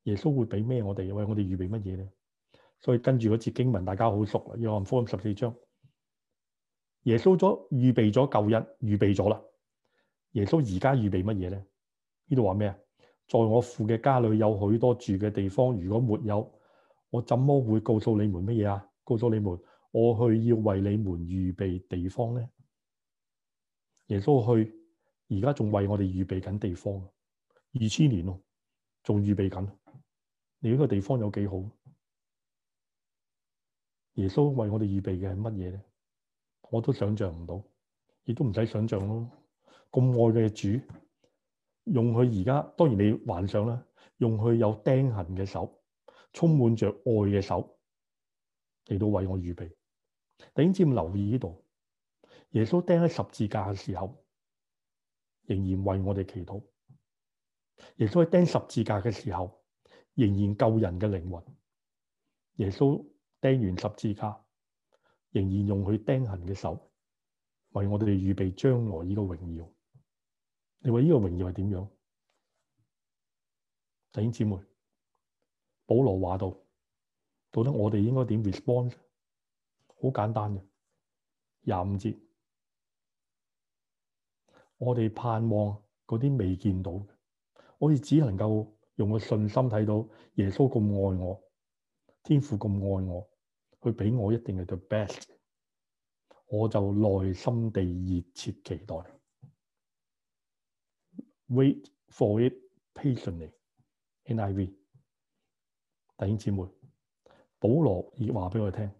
耶穌會俾咩我哋？為我哋預備乜嘢咧？所以跟住嗰節經文，大家好熟啦，《約翰福音》十四章，耶穌咗預備咗救恩，預備咗啦。耶穌而家預備乜嘢咧？呢度話咩啊？在我父嘅家裏有許多住嘅地方，如果沒有，我怎麼會告訴你們乜嘢啊？告訴你們。我去要為你們預備地方咧，耶穌去而家仲為我哋預備緊地方，二千年咯，仲預備緊。你、這、呢個地方有幾好？耶穌為我哋預備嘅係乜嘢咧？我都想象唔到，亦都唔使想象咯。咁愛嘅主，用佢而家當然你幻想啦，用佢有釘痕嘅手，充滿着愛嘅手，嚟到為我預備。弟兄姊妹留意呢度，耶穌釘喺十字架嘅時候，仍然為我哋祈禱。耶穌喺釘十字架嘅時候，仍然救人嘅靈魂。耶穌釘完十字架，仍然用佢釘痕嘅手，為我哋預備將來呢個榮耀。你話呢個榮耀係點樣？弟兄姊妹，保羅話道：「到底我哋應該點 r e s p o n s 好簡單嘅廿五節，我哋盼望嗰啲未見到嘅，我哋只能夠用個信心睇到耶穌咁愛我，天父咁愛我，佢俾我一定係 best，我就耐心地熱切期待，wait for it patiently，NIV，弟兄姐妹，保羅已話俾我哋聽。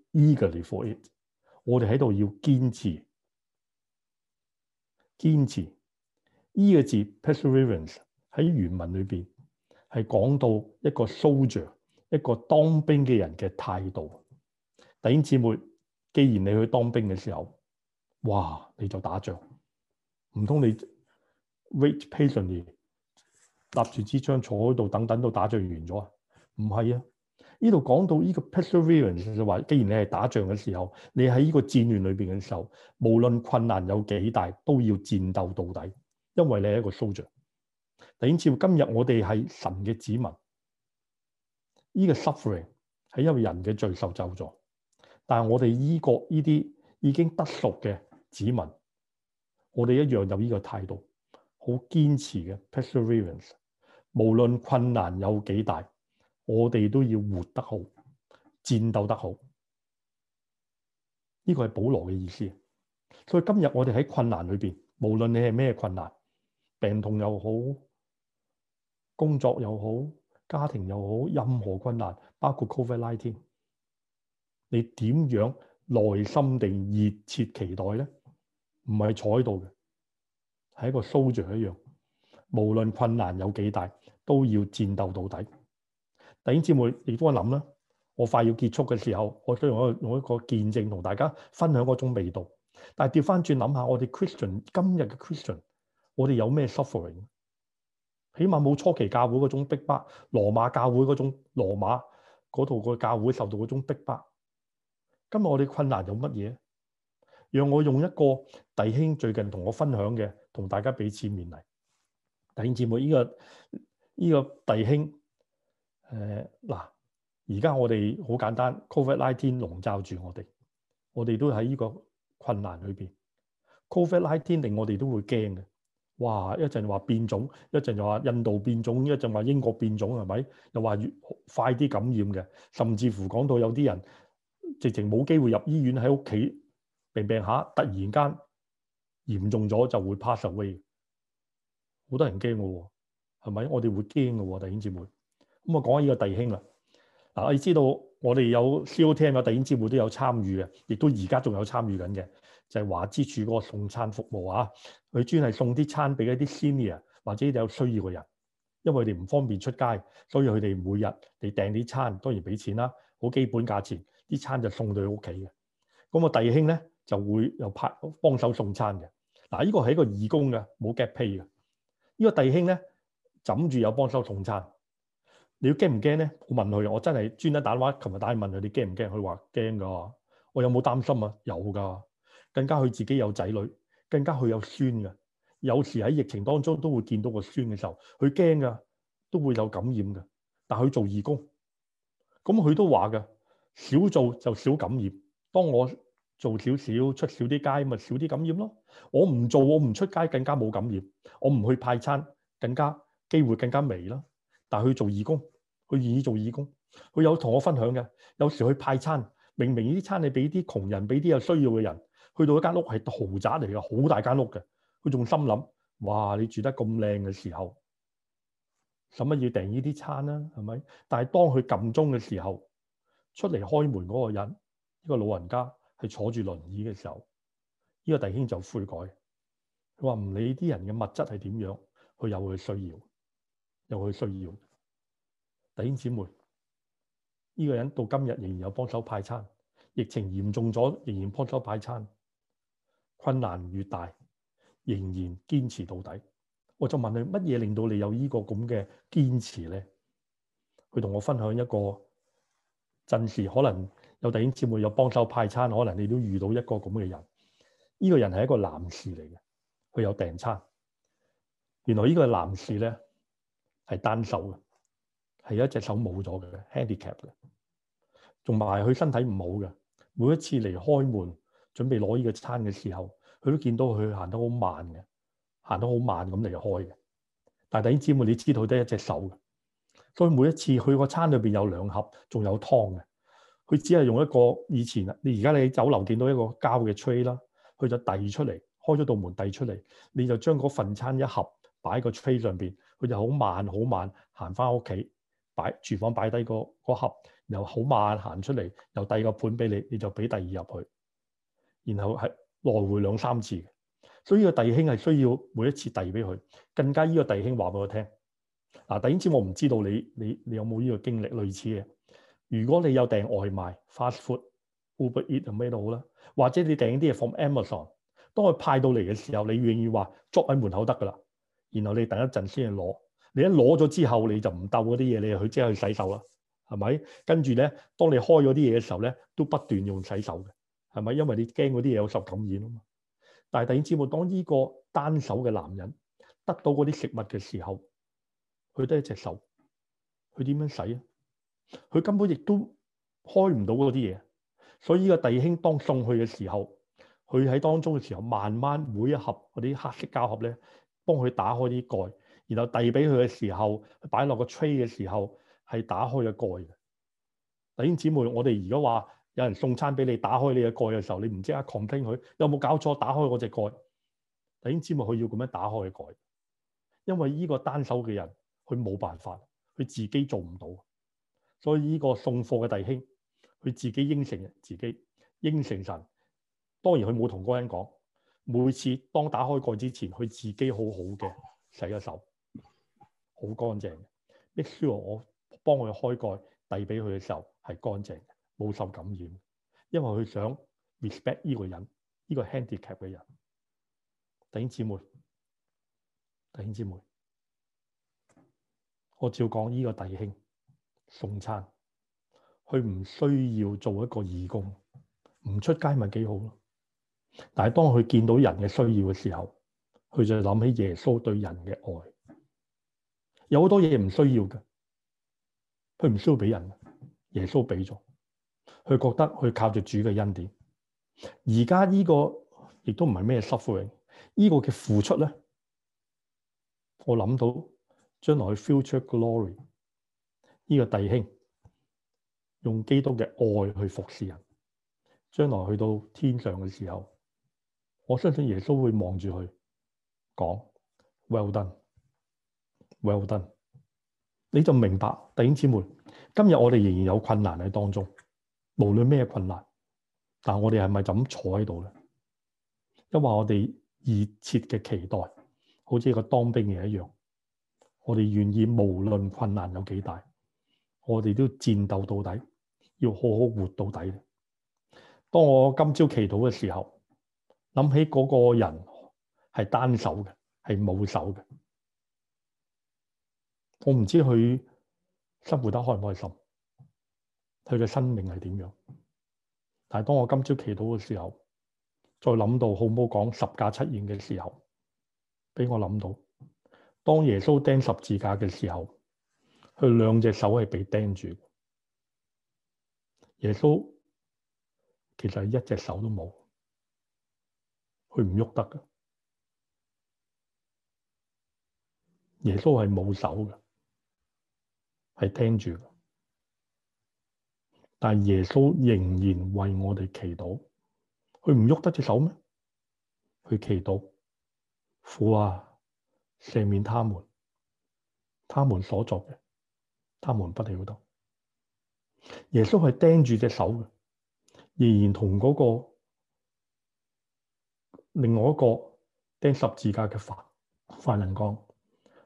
eagerly for it，我哋喺度要堅持，堅持呢、這個字 perseverance 喺原文裏面係講到一個 soldier，一個當兵嘅人嘅態度。弟兄姊妹，既然你去當兵嘅時候，哇，你就打仗，唔通你 wait patiently 搭住支槍坐喺度等，等到打仗完咗啊？唔係啊。呢度講到呢個 perseverance 就話，既然你係打仗嘅時候，你喺呢個戰亂裏邊嘅時候，無論困難有幾大，都要戰鬥到底，因為你係一個 soldier。第二，今日我哋係神嘅子民，呢、呢個 suffering 係因為人嘅罪受咒詛，但係我哋依、呢個依啲已經得贖嘅子民，我哋一樣有呢個態度，好堅持嘅 perseverance，無論困難有幾大。我哋都要活得好，戰鬥得好。呢個係保羅嘅意思。所以今日我哋喺困難裏邊，無論你係咩困難，病痛又好，工作又好，家庭又好，任何困難，包括 Covid nineteen 你點樣耐心地熱切期待咧？唔係坐喺度嘅，係一個 soldier 一樣。無論困難有幾大，都要戰鬥到底。弟兄姊妹，你幫我諗啦。我快要結束嘅時候，我都要用一個見證同大家分享嗰種味道。但係調翻轉諗下，我哋 Christian 今日嘅 Christian，我哋有咩 suffering？起碼冇初期教會嗰種逼迫，羅馬教會嗰種羅馬嗰度個教會受到嗰種逼迫。今日我哋困難有乜嘢？讓我用一個弟兄最近同我分享嘅，同大家彼此勉勵。弟兄姊妹，呢個呢個弟兄。誒嗱，而家、呃、我哋好簡單，COVID-19 籠罩住我哋，我哋都喺呢個困難裏邊。COVID-19 令我哋都會驚嘅，哇！一陣話變種，一陣又話印度變種，一陣話英國變種係咪？又話越，越，越快啲感染嘅，甚至乎講到有啲人直情冇機會入醫院喺屋企病病下，突然間嚴重咗就會 pass away，好多人驚嘅喎，係咪？我哋會驚嘅喎，弟兄姐妹。咁啊，講下呢個弟兄啦。嗱，我知道我哋有 C.O.T.M. 有弟兄姊妹都有參與嘅，亦都而家仲有參與緊嘅，就係華之處嗰個送餐服務啊。佢專係送啲餐俾一啲 senior 或者有需要嘅人，因為佢哋唔方便出街，所以佢哋每日你訂啲餐，當然俾錢啦，好基本價錢啲餐就送到佢屋企嘅。咁啊，弟兄咧就會又派幫手送餐嘅。嗱，呢個係一個義工嘅，冇 get pay 嘅。呢個弟兄咧枕住有幫手送餐。你要驚唔驚咧？我問佢，我真係專登打電話，琴日打去問佢，你驚唔驚？佢話驚㗎。我有冇擔心啊？有㗎。更加佢自己有仔女，更加佢有孫嘅。有時喺疫情當中都會見到個孫嘅時候，佢驚㗎，都會有感染㗎。但係佢做義工，咁佢都話嘅，少做就少感染。當我做少少出少啲街，咪少啲感染咯。我唔做，我唔出街，更加冇感染。我唔去派餐，更加機會更加微啦。但係佢做義工。佢願意做義工，佢有同我分享嘅。有時去派餐，明明呢啲餐你俾啲窮人，俾啲有需要嘅人，去到一間屋係豪宅嚟嘅，好大間屋嘅。佢仲心諗：「哇！你住得咁靚嘅時候，使乜要訂呢啲餐啊？係咪？但係當佢撳鐘嘅時候，出嚟開門嗰個人，呢個老人家係坐住輪椅嘅時候，呢個弟兄就悔改。佢話唔理啲人嘅物質係點樣，佢有佢需要，有佢需要。弟兄姐妹，呢個人到今日仍然有幫手派餐，疫情嚴重咗，仍然幫手派餐，困難越大，仍然堅持到底。我就問你，乜嘢令到你有呢個咁嘅堅持呢？佢同我分享一個陣時，可能有弟兄姐妹有幫手派餐，可能你都遇到一個咁嘅人。呢個人係一個男士嚟嘅，佢有訂餐。原來呢個男士呢，係單手嘅。係一隻手冇咗嘅 handicap 嘅，仲埋佢身體唔好嘅。每一次嚟開門準備攞呢個餐嘅時候，佢都見到佢行得好慢嘅，行得好慢咁嚟開嘅。但係點知我你知道佢得一隻手嘅，所以每一次去個餐裏邊有兩盒，仲有湯嘅，佢只係用一個以前啊，在你而家你喺酒樓見到一個膠嘅 tray 啦，佢就遞出嚟，開咗道門遞出嚟，你就將嗰份餐一盒擺喺個 tray 上邊，佢就好慢好慢行翻屋企。擺廚房擺低個盒，然後好慢行出嚟，又遞個盤俾你，你就俾第二入去，然後係來回兩三次嘅。所以呢個弟兄係需要每一次遞俾佢，更加依個弟兄話俾我聽。嗱，弟兄姐，我唔知道你你你，你有冇呢個經歷類似嘅？如果你有訂外賣、fast food、Uber Eat 啊咩都好啦，或者你訂啲嘢 from Amazon，當佢派到嚟嘅時候，你願意話捉喺門口得噶啦，然後你等一陣先去攞。你一攞咗之後，你就唔鬥嗰啲嘢，你就去即係去洗手啦，係咪？跟住咧，當你開嗰啲嘢嘅時候咧，都不斷用洗手嘅，係咪？因為你驚嗰啲嘢有受感染啊嘛。但係突然之間，當呢個單手嘅男人得到嗰啲食物嘅時候，佢得一隻手，佢點樣洗啊？佢根本亦都開唔到嗰啲嘢，所以呢個弟兄當送去嘅時候，佢喺當中嘅時候，慢慢每一盒嗰啲黑色膠盒咧，幫佢打開啲蓋。然後遞俾佢嘅時候，擺落個 tray 嘅時候係打開個蓋嘅。弟兄姊妹，我哋如果話有人送餐俾你，打開你嘅蓋嘅時候，你唔即刻 complain 佢，有冇搞錯打開嗰隻蓋？弟兄姊妹，佢要咁樣打開個蓋，因為呢個單手嘅人佢冇辦法，佢自己做唔到，所以呢個送貨嘅弟兄佢自己應承自己應承神。當然佢冇同嗰個人講，每次當打開蓋之前，佢自己好好嘅洗咗手。好乾淨嘅，make sure 我幫佢開蓋遞俾佢嘅時候係乾淨嘅，冇受感染。因為佢想 respect 呢個人，呢個 handicap 嘅人。弟兄姊妹，弟兄姊妹，我照講呢個弟兄送餐，佢唔需要做一個義工，唔出街咪幾好咯。但係當佢見到人嘅需要嘅時候，佢就諗起耶穌對人嘅愛。有好多嘢唔需要嘅，佢唔需要俾人。耶穌俾咗，佢覺得佢靠住主嘅恩典。而家呢個亦都唔係咩 suffering，呢個嘅付出咧，我諗到將來去 future glory，呢個弟兄用基督嘅愛去服侍人，將來去到天上嘅時候，我相信耶穌會望住佢講 Well done。Well done，你就明白弟兄姊妹，今日我哋仍然有困難喺當中，無論咩困難，但我哋係咪就咁坐喺度咧？因為我哋熱切嘅期待，好似一個當兵嘅一樣，我哋願意無論困難有幾大，我哋都戰鬥到底，要好好活到底。當我今朝祈禱嘅時候，諗起嗰個人係單手嘅，係冇手嘅。我唔知佢生活得開唔開心，佢嘅生命係點樣。但係當我今朝祈禱嘅時候，再諗到好唔好講十架出現嘅時候，俾我諗到，當耶穌釘十字架嘅時候，佢兩隻手係被釘住。耶穌其實係一隻手都冇，佢唔喐得嘅。耶穌係冇手嘅。係釘住，但耶穌仍然為我哋祈禱，佢唔喐得隻手咩？佢祈禱父啊，赦免他們，他們所作嘅，他們不曉得。耶穌係釘住隻手嘅，仍然同嗰個另外一個釘十字架嘅犯犯人講：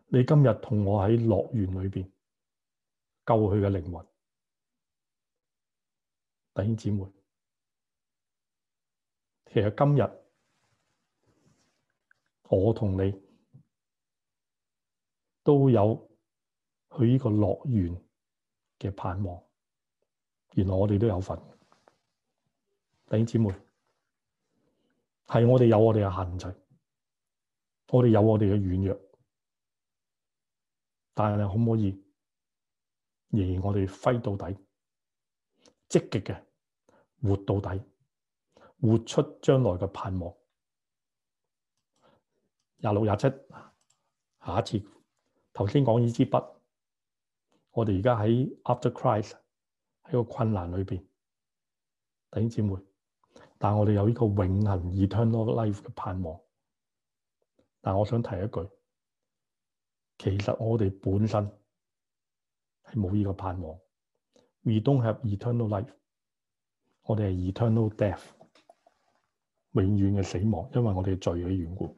你今日同我喺樂園裏邊。救佢嘅靈魂，弟兄姐妹，其實今日我同你都有去呢個樂園嘅盼望。原來我哋都有份，弟兄姐妹，係我哋有我哋嘅限制，我哋有我哋嘅軟弱，但係你可唔可以？而我哋揮到底，積極嘅活到底，活出將來嘅盼望。廿六、廿七，下一次頭先講呢支筆，我哋而家喺 After Christ 喺個困難裏邊，弟兄姊妹，但我哋有呢個永恆 Eternal Life 嘅盼望。但我想提一句，其實我哋本身。係冇呢個盼望，We don't have eternal life。我哋係 eternal death，永遠嘅死亡，因為我哋罪嘅緣故。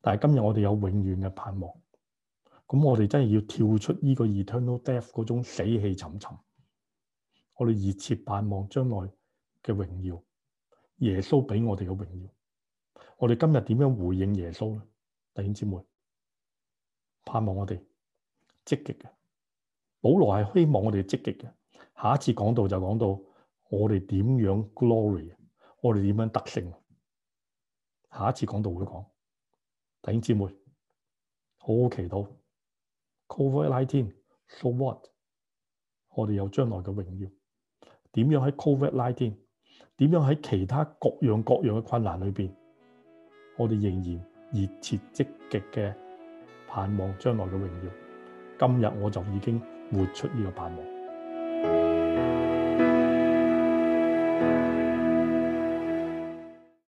但係今日我哋有永遠嘅盼望，咁我哋真係要跳出呢個 eternal death 嗰種死氣沉沉。我哋熱切盼望將來嘅榮耀，耶穌俾我哋嘅榮耀。我哋今日點樣回應耶穌咧？弟兄姊妹，盼望我哋積極嘅。保羅係希望我哋積極嘅。下一次講道就講到我哋點樣 glory，我哋點樣得勝。下一次講道會講，弟兄姊妹，好好祈禱。COVID-19，so what？我哋有將來嘅榮耀，點樣喺 COVID-19？點樣喺其他各樣各樣嘅困難裏面？我哋仍然熱切積極嘅盼望將來嘅榮耀。今日我就已經。活出呢個盼望。